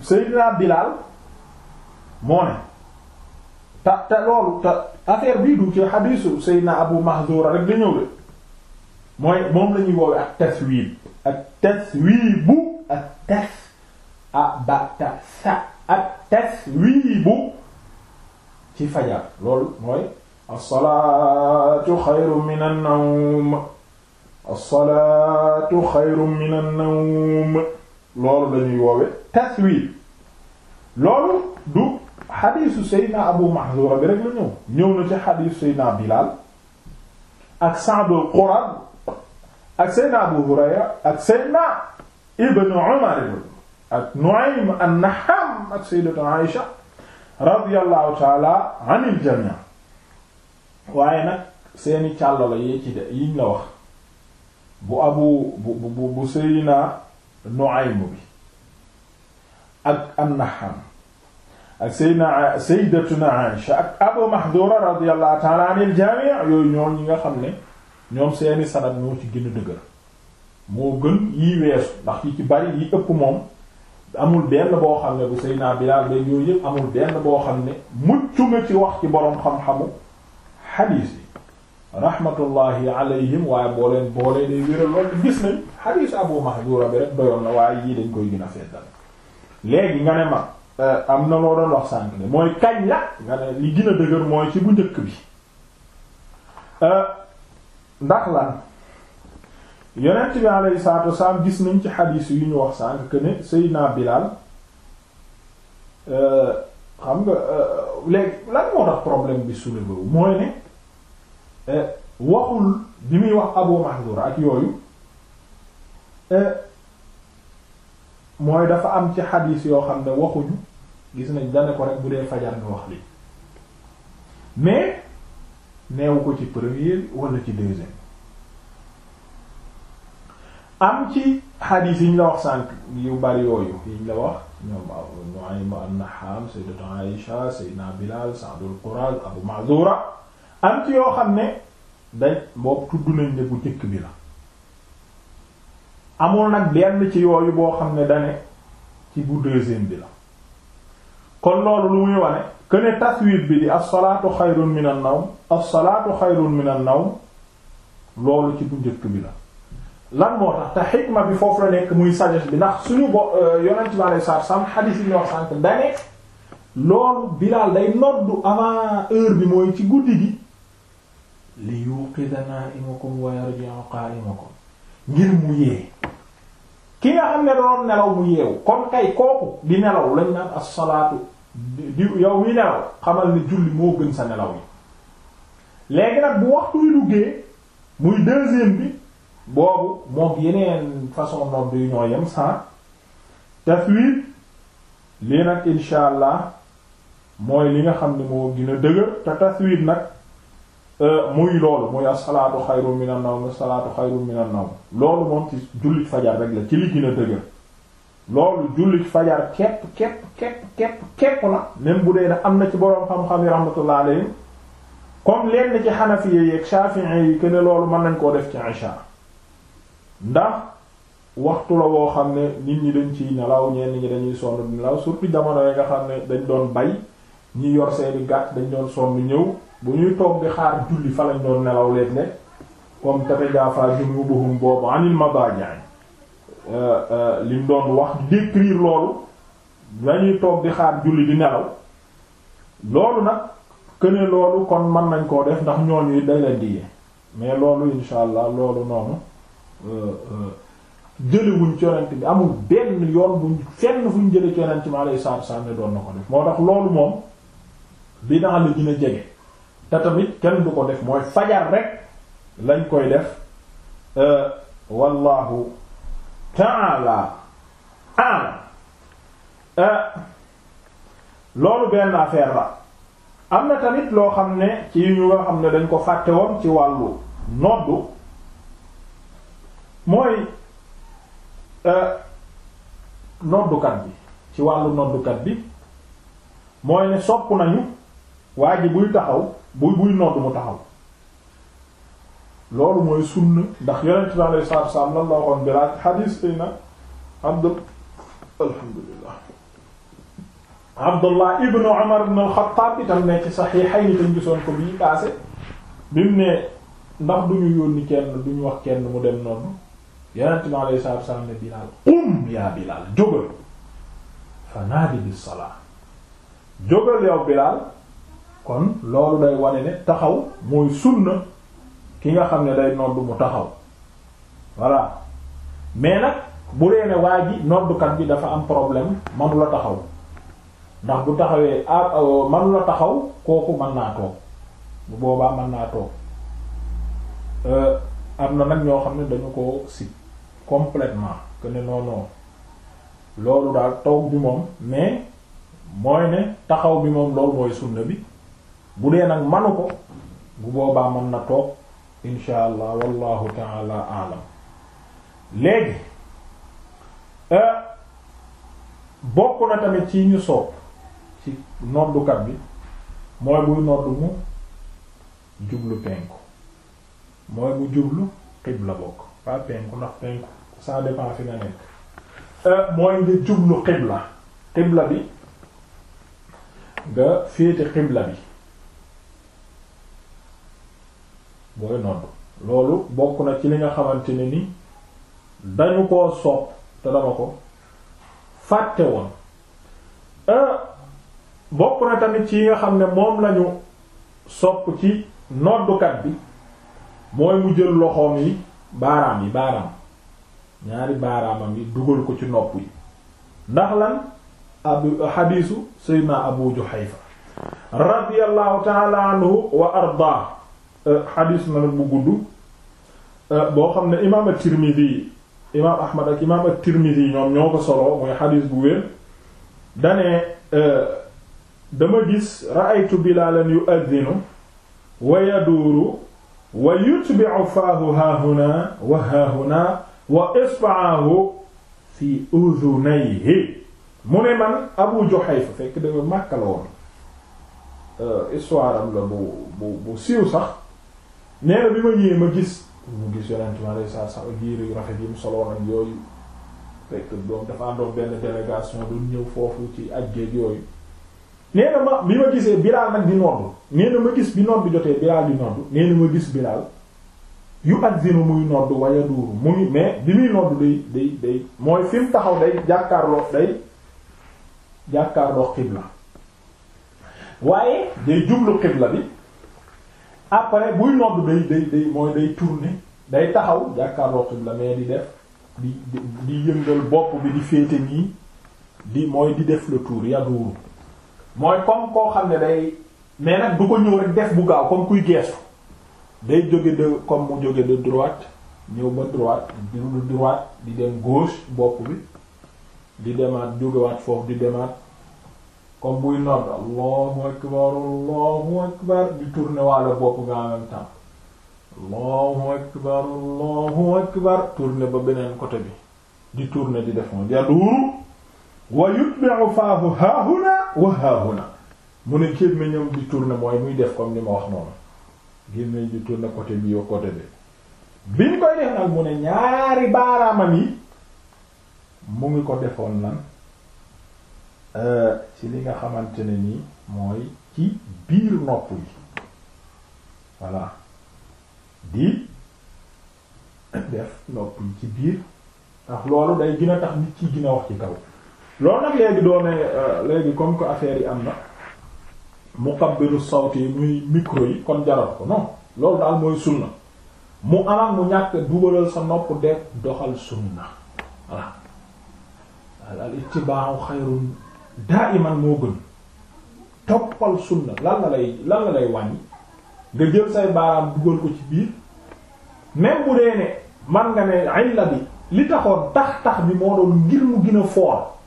Seydina Bilaal moo ne te te loolu te affaire bii du ci xadiisu Seydina Abu Mahzura rek da ñëw de mooy moom lañuy ñuy woowe ak taswiib ak taswiibu ak tas abata sa ak taswiibu ci fajar loolu mooy as-salaatu xayrun min an-nawm as-salaatu xayrun min an-nawm loolu dañuy woowe taswiib loolu du xadiisu Seydina Abu Mahzura bi rek la ñëw ñëw na ci xadiisu Seydina Bilaal ak Sa'd al-Qurad ak Seydina Abu Hurayra ak Seydina Ibn Umar ak Nu'aym an-Nahham ak Sayyidatu Aïsha radiyallahu taala anil jamii waaye nag seeni càll la yee ci de yiñ la wax bu abu bu bu bu seyna Nuaym bi ak an-Nahham ak seyna sayyidatuna Aisha ak Abu Mahdura radiyallahu taala anil jamii yooyu ñoom ñi nga xam ne ñoom seeni sanad ñoo ci gën a dëgër moo gën yi weesu ndax yi ci bari yi ëpp moom amul benn boo xam ne bu Seydina Bilaal beeg yooyu yëpp amul benn boo xam ne mucc nga ci wax ci boroom xam-xamu xadiis yi rahmatullahi alayhim waaye boo leen boolee day wéral gis nañ xadiis Abu Mahduura bi rek doyoon na waaye yii dañ koy gën a feddal léegi nga ne ma euh, am na loo doon wax sànk ne mooy kañ la nga ne li gën dëgër mooy ci bu njëkk bi euh, ndax lan yonent bi alayhi salaatu wasalaam gis nañ ci xadiis yu ñu wax sànq que ne Seydina Bilal euh, xam nga euh, léegi lan moo tax problème bi soulevé wu mooy ne euh, waxul bi muy wax Abu Mahdura ak yooyu mooy dafa am ci xadiis yoo xam ne waxuñu gis nañ dane ko rek bu dee fajar nga wax lii mais neewu ko ci premier wala ci deuxième. am ci xadiis yi la wax sànq yu bari yooyu yi la wax ñoom a Nu'aym an-Nahham sayyidatu Aïsha sayyidina Bilal Sa'dul Quraz Abu Ma'zura am ci yoo xam ne dañ boobu tudd nañ ne bu njëkk bi la amul nag benn ci yooyu boo xam ne dane ci bu deuxième bi la kon loolu lu muy wane que ne taswiir bi di as-salaatu xayrun min an-nawm as-salaatu min an-nawm loolu ci bu njëkk bi la lan moo tax te xikma bi foofu la muy sagesse bi ndax suñu bo euh, yonent bi alayhi salaatu salaam xadiis yi ñu wax sànq Bilaal day noddu avant heure bi mooy ci guddi gi li yuqida naa'imakum wa yarji'a qaa'imakum ngir mu yee ki nga xam ne doon mu yeewu kon kay kooku di nelaw lañ naan as di yow wi nelaw xamal ne julli moo gën sa nelaw yi nag bu waxtu wi duggee muy deuxième bi boobu moom yeneen façon nodd yu ñoo yem sans tafwid lii nag insha allah mooy li nga xam ni moo gën a dëgër te tafwid nag euh, muy loolu muy as-salaatu xayrun min an-nawm as-salaatu loolu moom ci jullit fajar rek la ci li gën a dëgër loolu jullit fajar kepp kepp kepp kepp kepp la même bu dee ne am na ci boroom xam-xam yi rahmatullah alayhim comme lenn ci xanafiya yeeg shafi'i yi que loolu mën nañ koo def ci isha ndax waxtu la woo xam ne nit ñi dañ ciy nelaw ñenn dañuy sonn di nelaw surtout jamono yi nga xam ne dañ doon bay ñi yor seeni gàtt dañ doon sonn ñëw bu ñuy toog di xaar julli fa lañ doon nelaw leen ne comme tatajaafaa junubuhum boobu anil madaaji' euh, euh, li mu doon wax décrire loolu dañuy toog di xaar julli di nelaw loolu nag këne loolu kon mën nañ koo def ndax ñooñu dañ leen di mais loolu insha allah loolu noonu jëlewuñ ci yonent bi amul benn yoon buñ fenn fuñ jële ci yonent bi alayhi salaatu doon na ko def moo tax loolu moom bidaa la gën jege te tamit kenn du ko def mooy fajar rek lañ koy def euh, wallahu taala alam euh, loolu benn affaire la am na tamit loo xam ne ci ñu nga xam ne dañ ko fàtte woon ci wàllu noddu mooy euh, noddukat bi ci wàllu noddukat bi mooy ne sopp nañu waa buy taxaw buy buy nodd mu taxaw loolu mooy sunna ndax yonent bi alayhi salaatu wasalaam lan la waxoon bi laaj xadiis tey nag abdul alhamdulillah abdullah ibnu umar ibn al-xattaab itam ne ci saxiixayni tam gisoon ko bii paase bi mu ne ndax duñu yónni kenn duñu wax kenn mu dem nodd yonent bi alayhi salaatu salaam ne Bilaal qum yaa Bilaal jógal fa naadi bis salaa jógal yow Bilaal kon loolu day wane ne taxaw mooy sunna ki nga xam ne day nodd mu taxaw voilà mais nag bu dee ne waa ji noddukat bi dafa am problème manula taxaw ndax bu taxawee ah manula taxaw kooku mën naa toog bu boobaa mën naa toog euh, am na nag ñoo xam ne dañu ko si complètement que ne non loolu daal taw bi moom mais mooy ne taxaw bi moom loolu mooy sunna bi bu dee nag manu ko bu boobaa mën na toog insha allah wallahu taala alam léegi euh, bokk na tamit ci ñu sopp ci noddukat bi mooy buy noddu mu jublu penku mooy mu jublu xibla bokk pas penku ndax penku ça dépend fi nga nekk euh, mooy nga jublu xibla xibla bi nga féete xibla bi booy nodd loolu bokk na ci li nga xamante ne ni dañu koo sopp te dama ko fàtte woon euh, bokk na tamit ci yi nga xam ne moom lañu sopp ci noddukat bi mooy mu jël loxoom yi baaraam yi baaraam ñaari baaraamam yi dugal ko ci nopp yi ndax lan abu xadiisu seydna abu juhayfa radiallahu taala anhu wa ardaa xadiis euh, na nag bu gudd euh, boo xam ne imaam at imaam ahmad ak imaam at ñoom ñoo ko solo muy xadiis bu wér dane euh, dama gis ra'aytu bilalan yu'adhdhinu wa yaduuru wa yutbi'u faahu haahuna wa haahuna wa isba'ahu fi udhunayhi mu ne man Abu Juhayfa fekk dafa Makka la woon euh, histoire am la bu bu bu siiw sax nee na bi ma ñëwee ma gis mu gis yonent ma a saar sax yére yu rafet yi mu soloon ak yooyu fekk doom dafa àndoon benn délégation du ñëw foofu ci ak géej yooyu nee na ma bi ma gisee Bilaal nag di nodd nee ma gis bi nodd bi jotee Bilaal di nodd nee ma gis Bilaal yu addinu muy nodd waya duuru muy mais bi muy nodd day day day mooy fi taxaw day jàkkaarloo day jàkkaarloo xibla waaye day jublu xibla bi après buy nodd day day mooy day tourner day taxaw jàkkaarloo xibla mais di def di di yëngal bopp bi di féete nii di mooy di def le tour ya duuru mooy comme koo xam ne day mais nag du ko ñëw rek def bu gaaw comme kuy geesu day jóge de comme mu jóge de droite ñëw ba droite di droite di dem gauche bopp bi di demaat jógewaat foofu di demaat comme buy nodd allahu akbar allahu akbar di tourner walla bopp nga en même allahu akbar allahu akbar tourner ba beneen côté bi di tourner di def moom yaduuru wa yutbi'u faahu haahuna wa haahuna mu ne képp mi ñëw di tourner mooy muy def comme ni ma wax noonu génne ji na côté bi yow côté bi biñ koy def nag mu ne ñaari baaraamam yi mu ngi ko defoon lan euh, ci li nga xamante ne nii mooy ci biir nopp yi voilà di def nopp ci biir ndax loolu day gën a tax nit ki gën a wax ci kaw loolu nag léegi doone euh, léegi comme que affaire yi am na mu mukabbiru sawti muy micro yi kon jaral ko non loolu daal mooy sunna mu alam mu ñàkk dugalal sa nopp de doxal sunna voilà al ittiba'u xayrun da'iman moo gën toppal sunna lan la lay lan la lay wàññi nga jël say baaraam dugal ko ci biir même bu dee ne man nga ne illa bi li taxoon tax tax bi moo doon ngir mu gën foor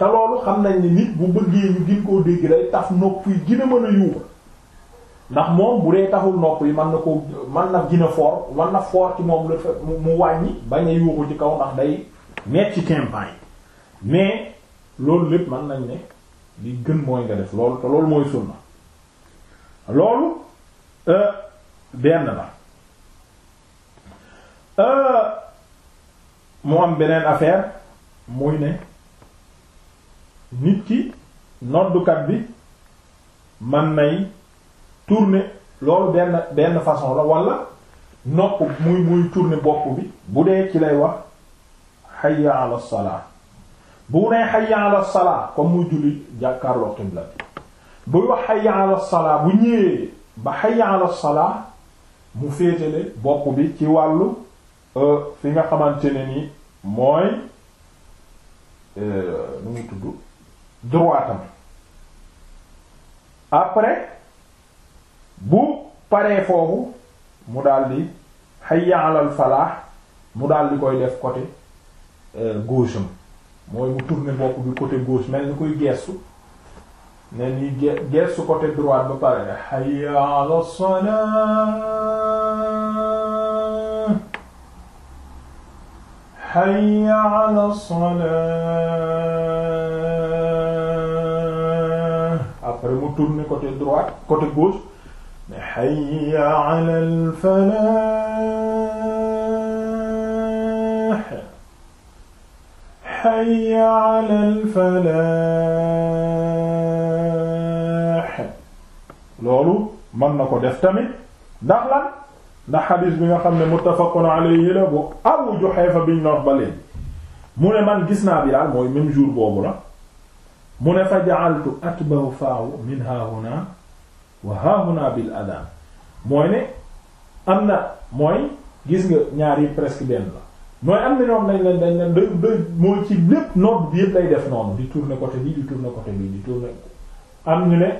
te loolu xam nañ ni nit bu bëggee ñu gën koo dégg day taf nopp yi gën a mën a yuuxa ndax moom bu dee taxul nopp yi mën na ko mën na gën a fort man na fort ci moom la mu wàññi bañ a yuuxu ci kaw ndax day meet ci yi mais loolu lépp mën nañ ne li gën mooy nga def loolu te loolu mooy sunna loolu euh, benn la euh, mu am beneen affaire muy ne nit ki noddukat bi man nay tourner loolu benn benn façon la walla nopp muy muy tourner bopp bi bu dee ci lay wax hayya ala salaa bu nee hayya ala salaa comme muy julli jàkkaarloo qibla bi wax hayya ala salaa bu ñëwee ba hayya ala salaa mu féetale bopp bi ci wàllu euh, fi nga xamante ne ni mooy euh, nu ngi tudd droitam après bu paree foofu mu daldi hayya alal falaax mu daldi koy def côté euh, gauche am mooy mu tourner bopp bi côté gauche mel ni koy geestu ne ni geestu côté droite ba pare ne hayya ala salaa hayya mu tourner côté droite côté gauche ne loolu mën na ko def tamit ndax lan ndax bi nga xam ne muttafaqun alayhi la bu Abu Juhayfa biñ la wax mu ne man gis naa Bilaal mooy même jour boobu la mu ne fa ja'altu atba'u faawu min haahuna wa haahuna bil adaan mooy ne am na mooy gis nga ñaari yi presque benn la mooy am na ñoom dañ leen dañ leen da da mooy ci lépp nodd bi yëpp lay def noonu di tourner côté bi di tourner côté bi di tourner am ñu ne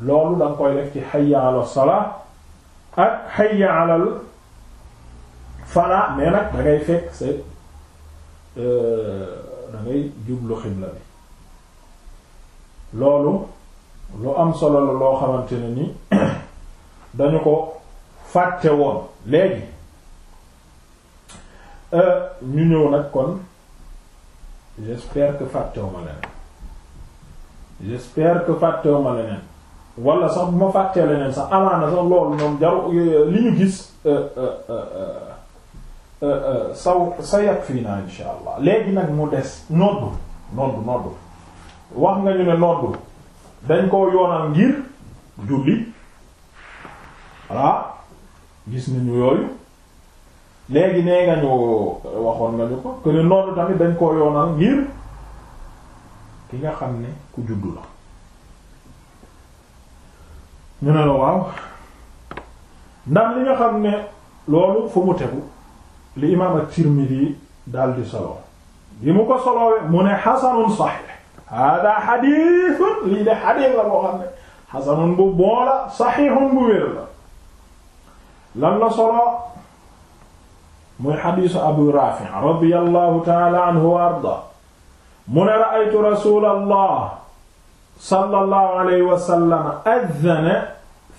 loolu da koy def ci hayya ala salaa ak hayya ala falaa mais nag da fekk c'est euh, da jublu xibla bi loolu lu am solo la loo xamante ne ni dañu ko fàtte woon léegi euh, ñu ñëw nag kon j'espère que fàttewu ma leneen j'espère que fàttewu ma leneen wala sax bu ma fàttee leneen sax amaana sax loolu ñoom jaru euh, li ñu gis euh, saw sa yàq fii naa insha allah léegi nag mu des noddu noddu noddu wax nga ñu ne nodd dañ koo yoonal ngir julli voilà gis nañu yooyu léegi nee nga ñu waxoon nga ñu ko que ne nodd tamit dañ koo yoonal ngir ki nga xam ne ku juddu la ñu ne la waaw ndax li nga xam ne loolu fu mu tegu li imaam at-Tirmidhi daal di solo bi mu ko solowee mu ne xasanun saxiix hada xadiisun lii de xadiis la boo xam ne xasanun bu bon la saxiixun bu wér la lan la solo muy xadiisu abu raafi radiyallahu taala anhu wa arda mu ne ra'aytu rasuulallah sallallahu alayhi wa sallam adhana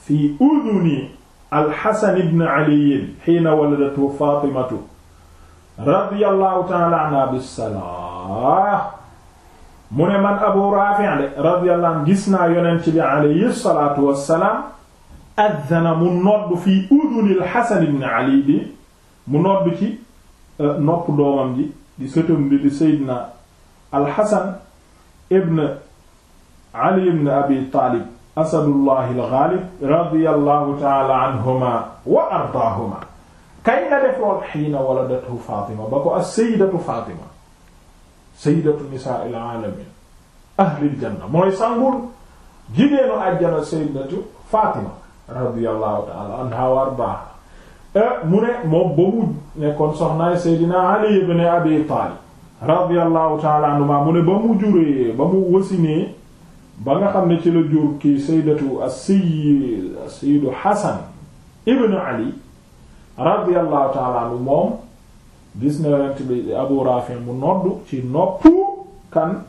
fi uduni alxasan ibn ali hiina waladatu faatimatu radiyallahu taala anha bissalaam mu ne man abu raafi' de radiyallahu anhu gis naa yonent bi alayhi salaatu wassalaam addana mu nodd fii udunil Hasan ibn Ali bi mu nodd ci euh, nopp doomam ji di sëtam bi di Seydina al-Hasan ibn Ali ibn Abi Taalib asadullah al-Ghaalib radiyallahu ta'ala anhuma wa ardaahuma kay nga def lool xiina waladathu Faatima ba ko as-sayyidatu Faatima sayyidatu nisaa'il alamin ahlil janna mooy sangul jigéenu àjjana sayyidatu Fatima radiyallahu ta'ala anha wa arbaha eh, mu ne moom ba mu nekkoon soxnaay sayyidina Ali ibn Abi Talib radiyallahu ta'ala anhuma mu ne ba mu juree ba mu wasinee ba nga xam ne ci la jur kii sayyidatu as-sayyid sayyidu Hasan ibn Ali radiyallahu ta'ala anhu moom gis na yonent bi Abu Rafi mu nodd ci noppu kan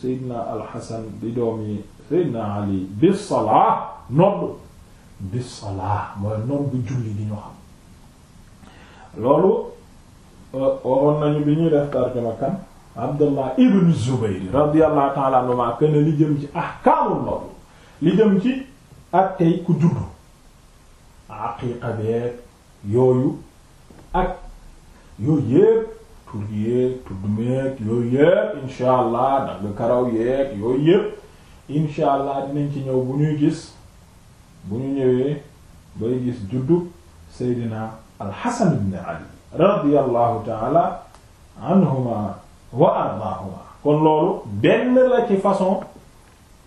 Seydina Alxasan di doom yi Seydina Ali bi salaa nodd bi salaa mooy nodd julli di ñu xam loolu euh, waxoon nañu bi ñuy def tarjuma kan Abdullah ibn Zubayr radiyallahu ta'ala anhuma ken li jëm ci ahkaamul nodd li jëm ci ak tey ku juddu aqiqa beek yooyu yooyu yépp tur yépp tudd meeg yooyu yépp incha allah dagg karaw yeeg yooyu yépp incha allah dinañ ci ñëw bu ñuy gis bu ñu ñëwee bay gis juddu seydina alxasan ibn ali radiallahu taala anhuma wa ardaahuma kon loolu benn la ci façon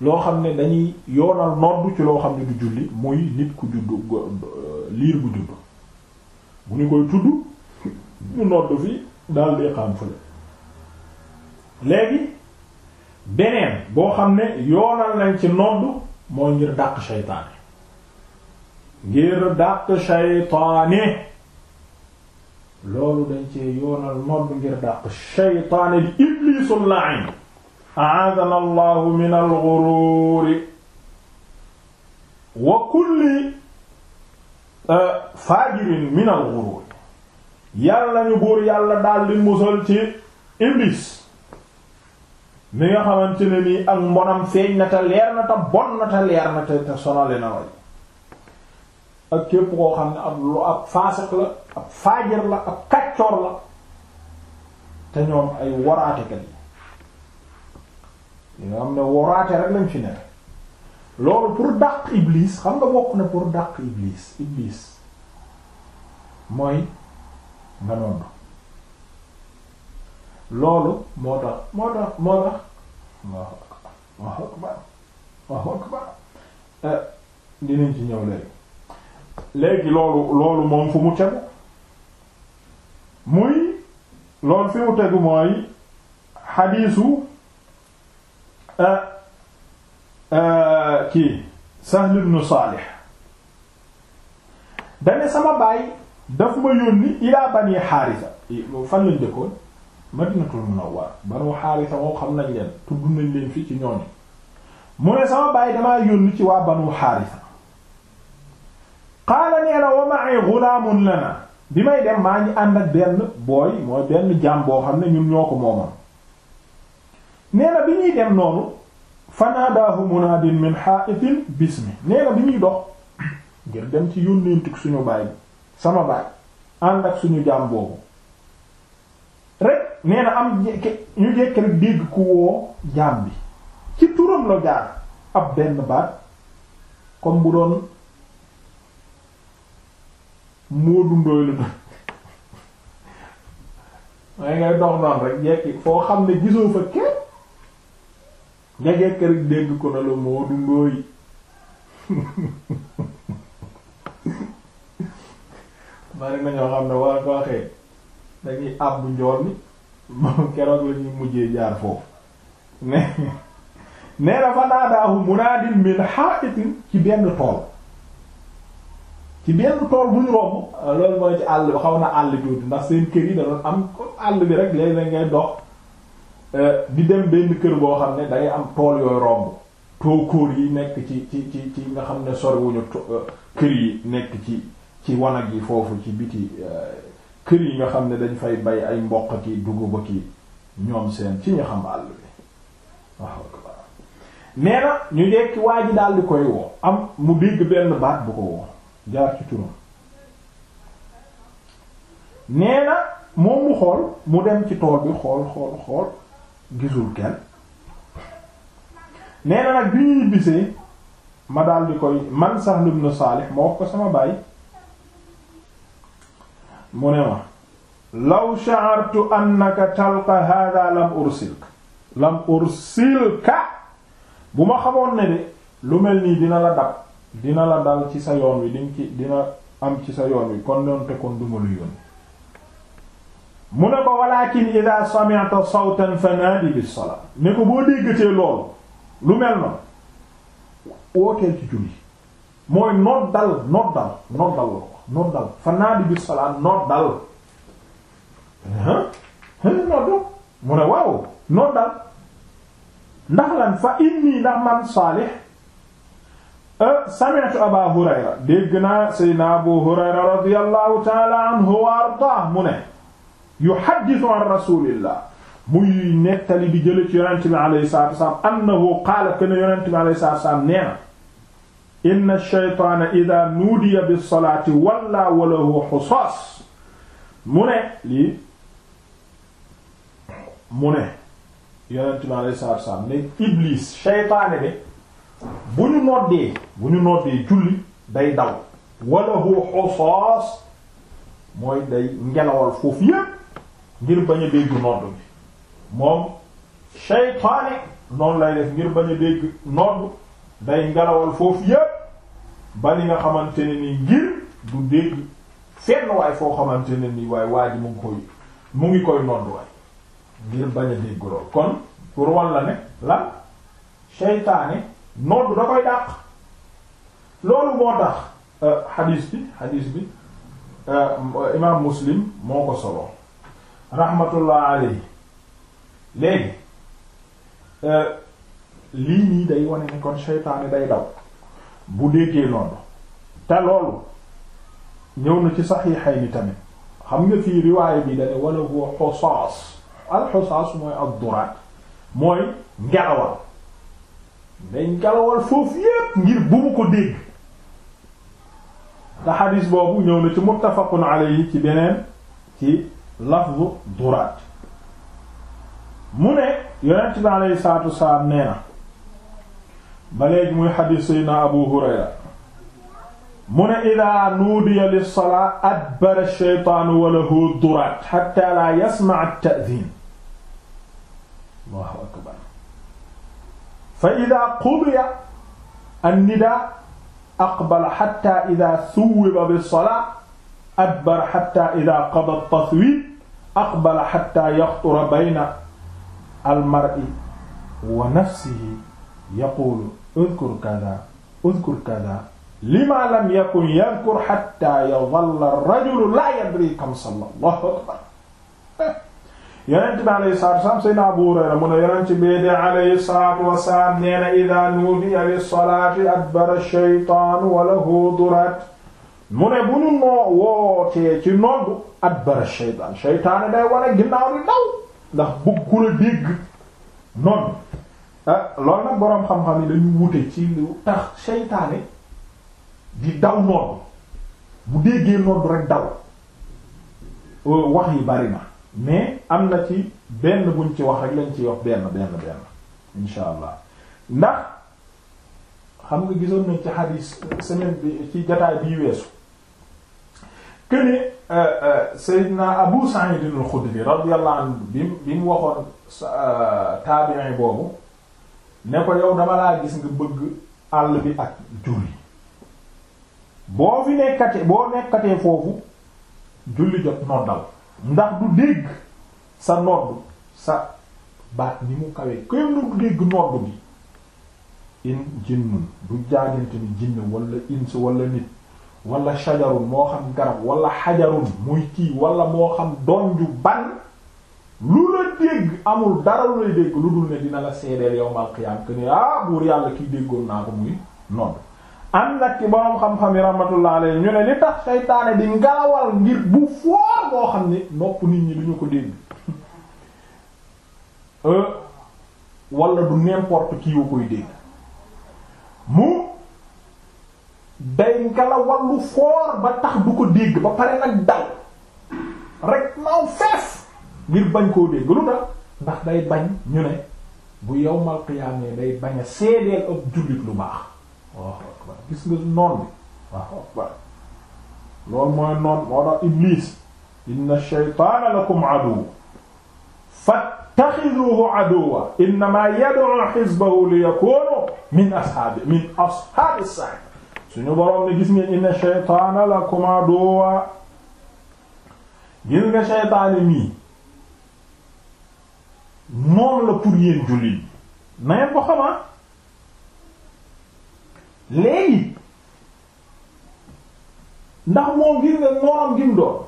loo xam ne dañuy yoonal noddu ci loo xam ne du julli muy nit ku juddu liir bu juddu bu ñu koy tudd mu nodd fii beneen boo xam ne yoonal nañ ci nodd mooy ngir dàq shaytaane ngir dàq shaytaane loolu dañ cee yoonal nodd ngir dàq shaytaane di iblisul la'in a'adana allahu min al-ghururi wa kulli euh, fajirin min al-ghurur yàlla ñu buur yàlla daal di musal ci iblis mi nga xamante ne nii ak mbonam feeñ na te leer na te bon na te leer na te te na way ak képp koo xam ne ab lu la ab faajir la ab kaccoor la te ñoom ay waraatekat yi nga xam ne waraate rek lañ fi nekk loolu pour dàq iblis xam nga bokk na pour dàq iblis iblis mooy nga noonu loolu moo tax moo tax moo tax waaw waaw akbar waaw akbar eh, dinañ ci ñëw léegi léegi loolu loolu moom fu mu tegu muy loolu fi mu tegu mooy xadiisu eh, eh, kii Sahl ibn Salih dane sama baay daf ma yónni ilaa bani xaarisa fan lañ dëkkoon madinatul munawwar banu xaarisa moom xam nañ leen tudd nañ leen fi ci ñooñu mu ne sama bàyyi damaa yónni ci waa banu xaarisa qaala nee na wa ma'i ghulaamun lana bi may dem maa ngi ànd ak benn booy mooy benn jaam xam ne ñun ñoo ko moomoon nee na bi ñuy dem noonu fanaadaahu munaadin min haa'itin bismi nee bi ñuy dox ngir dem ci yónneentuk suñu bàyyi sama baay ànd ak suñu jaam boobu rek nee na am ñu jekk rek dégg ku woo jaam bi ci turam la jaar ab benn baat comme bu doon Moodu Ndoy la doon waaye ngay dox dox rek jekki foo xam ne gisoo fa kenn nga jekk rek dégg ko na la Moodu Ndoy bari na ñoo xam ne wala ko waxee dañuy àbbu njool mi moom keroog la ñuy mujjee jaar foofu ne nee na fa naadaahu munaadin min ha'itin ci benn tool ci benn tool bu ñu romb ah, loolu mooy ci àll bi xaw na àll tuuti ndax seen kër yi da doon am àll bi rek léegi la ngay dox euh, di dem benn kër boo xam ne dangay am tool yooyu romb tookóor yi nekk ci ci ci ci nga xam ne soriwuñu euh, kër yi nekk ci ci wanag yi foofu ci biti euh, kër yi ñoo xam ne dañ fay bay ay mboq ki dugub ñoom seen ci ñu xam àll bi waaw nee na ñu nekk waa ji daal di koy woo am mu dégg benn baat bu ko woo jaar ci turam nee na moom mu xool mu dem ci tool bi xool xool xool gisul kenn nee na nag bi ñuy bisee ma daal di koy man Sahl ibn Salih moo wax ko sama baay mu ne ma law sha'artu annaka talqa hadha lam ursilka lam ursilka bu ma xamoon ne de lu mel nii dina la dab dina la dal ci sa yoon wi ci dina am ci sa yoon wi kon doon kon duma lu yoon mu ne ko walakin idha sami'ta sawtan fanadi bis salat ne ko boo déggatee loolu lu mel na wooteel ci julli mooy noddal noddal noddal la ko noddal fa naa di bis salaat noddal noddal mu ne waaw noddal ndax lan fa inni ndax man saalih euh, sami'tu aba hurayra dégg naa sayna abu hurayra radiyallahu ta'ala anhu wa ardaah mu ne yuhaddithu an rasulillah muy nettali di jële ci yonente bi alayhi salatu wasallam annahu qaala kaana yonente bi alayhi salatu wasallam nee na inna shaytaana ida nuudiya bisalaati walla walahu xusaas mu ne lii mu ne yonent bi alayhi salaatu wasalaam ne iblis shaytaane de bu ñu noddee bu ñu noddee julli day daw walahu xusaas mooy day ngelawal foofu yépp ngir bañ a dégg nodd bi moom shaytaane noonu lay def ngir bañ a dégg nodd day ngelawal foofu yépp ba nga xamante ne nii ngir du dégg fenn waay foo xamante ne nii waaye waa mu ngi koy mu ngi koy nodd waay ngir bañ a dégg lool kon pour wan la ne la seytaane nodd da koy dàq loolu moo tax euh, xadiis bi xadiis bi euh, imaam muslim moo ko solo rahmatullah alayhi léegi euh, lii nii day wane ne kon seytaane day daw bu déggee noonu te loolu ñëw na ci saxiixay ni tamit xam nga fii riwaay bi dane wala huwa xosaas al mooy ak duraat mooy ngelawal day ngelawal foofu yépp ngir bu mu ko dégg te xadis boobu ñëw na ci muttafaqun alayhi ci beneen ci lafzu duraat mu ne yonent bi alayhi salaatu nee na ba léegi muy xadiis seydna abu hurayra mu ne idaa nuudiya lissalaa adbara ash-shaytaanu wa lahu duraat xatta laa yasma'a at-ta'ziin allahu akbar fa idaa qudiya an-nidaa aqbala xatta idaa suwwiba bis-salaa adbara xatta idaa qadaa at-taswiib aqbala xatta yaxtura bayna al-mar'i wa nafsihi yaquulu uzkur kada uzkur kada lima lam yakun yankur hatta yadhalla ar-rajulu la yadri kam salla Allahu akbar yonent bi alayhi salaatu wasalaam Seydina Abu Hurayra mu ne yonent bi de alayhi salaatu wasalaam nee na idhaa nuudiya lis-salaati adbara ash-shaytaanu wa lahu duraat mu ne bu ñu noo wootee ci noddu adbara ash-shaytaan shaytaan day wane ginnaaw di daw ndax bëggu la dégg noonu Ah, loolu nag boroom xam-xam yi dañu wute ci lu tax seytaane di daw nodd bu déggee nodd rek daw euh, wax yi bari mais am na ci benn buñ ci wax rek lañ ci wax benn benn benn insha allah ndax xam nga gisoon nañ ci xadiis euh, semaine bi ci jataay bii weesu këne euh, na Abu Sa'id al-Khudri radiyallahu anhu bi mu waxoon taabi'i boobu ne ko yow dama laa gis nga bëgg àll bi ak julli boo fi nekkatee boo nekkatee foofu julli jot noddal ndax du dégg sa nodd sa baat ni mu kawee kenn du dégg nodd bi in jinnun du jaagante ni jinne wala ins wala nit wala shajarun moo xam garab wala xajarun muy kii wala moo xam donju ban lu la dégg amul dara lu lay dégg lu dul ne dina la seedeel yowmal qiyaam que ni ah buur yàlla kii déggoon naa ko muy nodd am nag ci boroom xam-xam yi rahmatullah alayhi ne li tax seytaane di ngalawal ngir bu foor boo xam ne nopp nit ñi duñu ko dégg euh, wala du n'importe qui yoo koy foor ba tax du ko dégg ba pare nag dal rek naaw fees ngir bañ koo dégg lu tax ndax day bañ ñu bu yawmal qiyaamee day bañ a seedeel ab jullit lu baax waaw waaw gis nga noon Iblis. inna shaytaana lakum aduwwun fattaxizuuhu aduwwan innamaa yad'uu hizbahu liyakuunuu min ashaabi min ashaabi sa'iir suñu boroom ne gis ngeen lakum aduwwun gis nga shaytaane mi noonu la pour yéen jullit na ngeen ko xamaa ah. léegi ndax moom gis nga noonam gim doon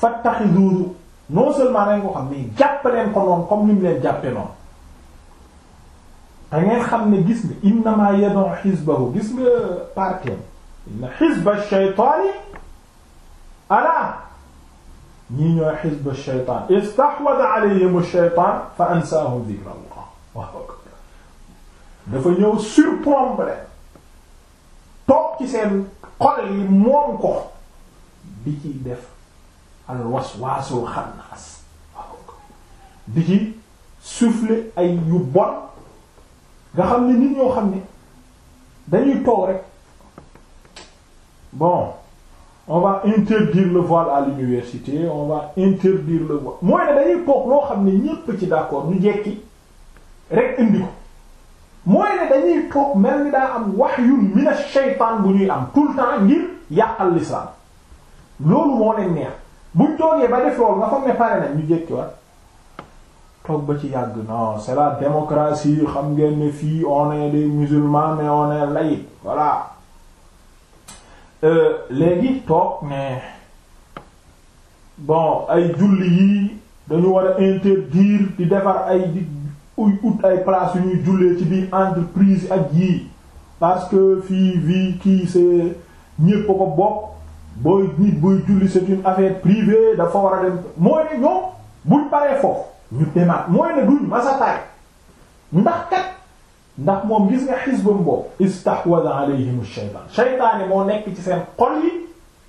fattaxizuuhu non seulement nañ ko xam ni jàpp leen ko noonu comme ni leen jàppe noonu xam ne gis nga innama yad'u hizbahu gis nga partem inna hizba shaytaani ala ñii ñooy xisbu shaytaan istahwada alayhim shaytaan fa ansaahum dhikrallah waaw dafa ñëw surplomber toog ci seen xol yi moom ko di ci def al waswaasul xannaas di ci souffler ay yu bon xam ne nit ñoo xam ne dañuy toog rek on va interdire le voile à l'université on va interdire le voile mooy ne dañuy toog loo xam ne ñépp ci d'accord ñu jekki rek indi ko mooy ne dañuy toog mel ni daa am wahyun min ash-shaytan bu ñuy am tout le temps ngir yàqal l'islam loolu moo leen neex buñ toogee ba def loolu nga foog ne pare na ñu jekki waat toog ba ci yàgg non c'est la démocratie xam ngeen ne fii on est des mais on est laïcs Euh, léegi toog ne bon ay julli yii dañu war a interdire di defar ay di uy ut ay place yu ñuy jullee ci biir entreprise ak yii parce que fii fii kii c'est ñépp ko bopp booy nit booy julli c'est une affaire privée dafa war a dem mooy ne ñoom buñ paree foofu ñu demaat mooy ne duñ masataay ndax kat ndax moom gis nga xisbam boobu istahwada alayhim shaytaan shaytaani moo nekk ci seen xol yi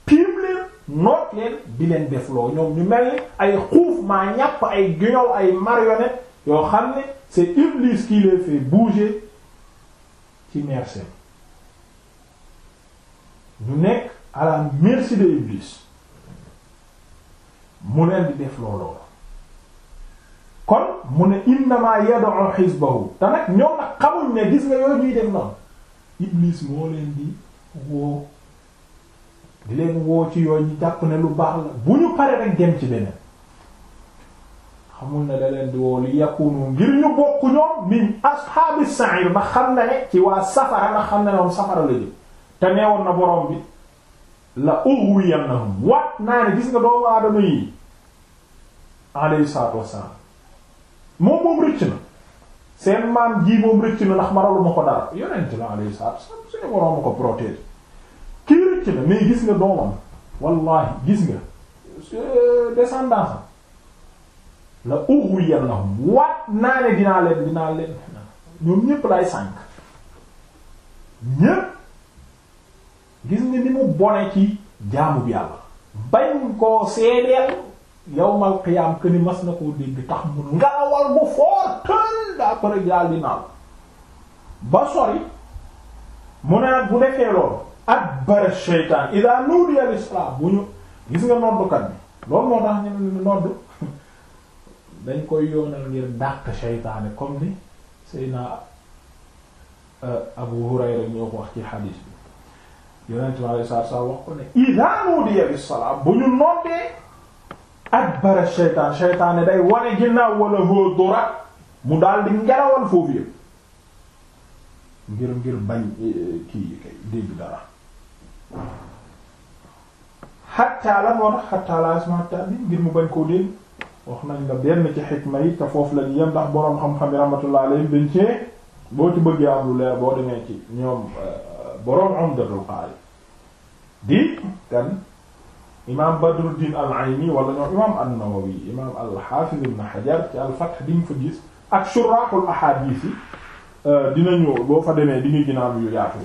piim leen noot leen di leen def loo ñoom ñu mel ni ay xuuf maa ñàpp ay guñow ay marionnette yoo xam ne c'est Iblis qui les fait bouger ci merci ñu nekk à la merci de Iblis mu leen di def looloo kon mu ne innama yad'u hizbahu te nag ñoom nag xamuñ ne gis nga yooyu ñuy def noonu iblis moo leen di woo di leen woo ci yooyu ñu jàpp ne lu baax la bu ñu paree rek dem ci beneen xamul ne da di woo li yakunu ngir ñu bokk ñoom min ashabis sa'ir na xam na ne ci waa safara na xam na ne moom safara la jëm te neewoon na borom bi la ughwiyannahum waat naa ne gis nga doomu aadama yi alayhi salaatu wassalaam moom moom rëcc na seen maam ji moom rëcc na ndax maralu ma ko dara yonent la alayhi salaatu wasallam suñu borom ko protéger kii rëcc na mais gis nga doomam wallahi gis nga euh, descendance la ughwiyannahum waat naa ne dinaa leen dinaa leen ñoom ñépp lay sànk ñépp gis nga ni mu bone ci jaamu bi yàlla bañ koo seedeel yawmal qiyaam que ni mas na koo dégg tax mu ngarawal bu foor tël daa pare daal di ba sori mu ne nag bu defee loolu adbara shaytaan idaa nuudiya lis-salaat bu uh, ko wax ci xadiis bu ñu noddee adbara shaytaan shaytaane day wane ginnaaw wala hoo dora mu daal di ngelawal foofu yëpp ngir ngir bañ e, kii kay dégg dara xatta la moo tax xatta la asmata bi mu bañ koo dégg wax nañ la benn ci xikma yi te foofu lañu yem ndax boroom xam-xam yi rahmatullah alayhi dañ ci boo ci bëggee am lu leer boo demee ci ñoom e, boroom Umdatul di kan imaam Badruddin al-Ayni wala ñoom imaam an-Nawawi imaam al-Hafiz ibn Hajar ci al-Fath di nga fa gis ak shurahul ahadith yi euh, dinañu boo fa demee di nga ginaam yu yaatu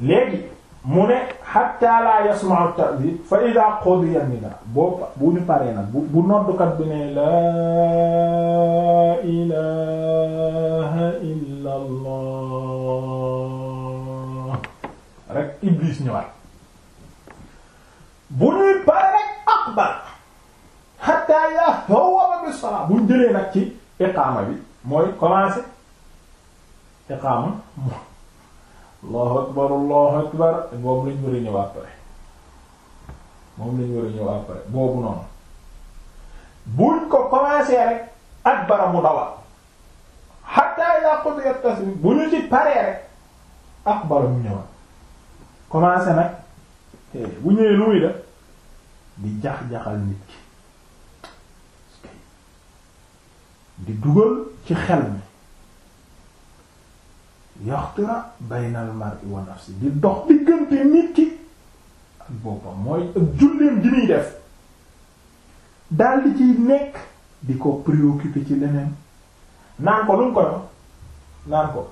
léegi mu ne hatta la yasma'u at-ta'dhib fa idha qudiya an-nidaa boo bu ñu paree nag bu bu noddukat bi ne laa ilaha illa Allah rek Iblis ñëwaat. bu ñuy pare rek akbar hatta ya huwa bis salat bu ñu jëlee nag ci iqaama bi mooy commencer iqaama allahu akbar allahu akbar boobu lañ war a ñëw après war a ñëw après boobu noonu ko commencer rek akbar mu dawal hatta ya qudiyat tasbih bu ñu ci paree rek akbar mu ñëwaat commencer nag bu ñëwee lu muy def di jax-jaxal nit ki di dugal ci xel mi yaxtira baynal mar'i wa nafsi di dox diggante nit ki ak boppam mooy ak julleem ji muy def daal di ciy nekk di ko préoccupé ci leneen naan ko lu ko def naan ko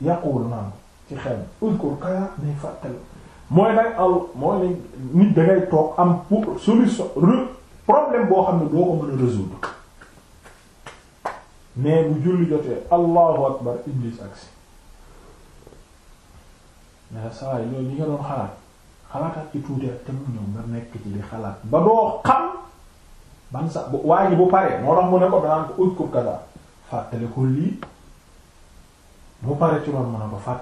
yàquwul naan ko ci xel mi uzkur kaya day fàttali mooy nag aw mooy nit da toog am pour solution problème boo xam ne doo ko mën a résoudre mais bu julli jotee allahu akbar iblis agsi mais saa loolu li nga doon xalaat xalaataat ci tuuti ak te mu ñëw nga nekk ci di xalaat ba doo xam ban sa waa ji bu paree moo tax mu ne danaan ko ut ko kada fàttale ko lii bu paree ci loolu mën a ko fàttale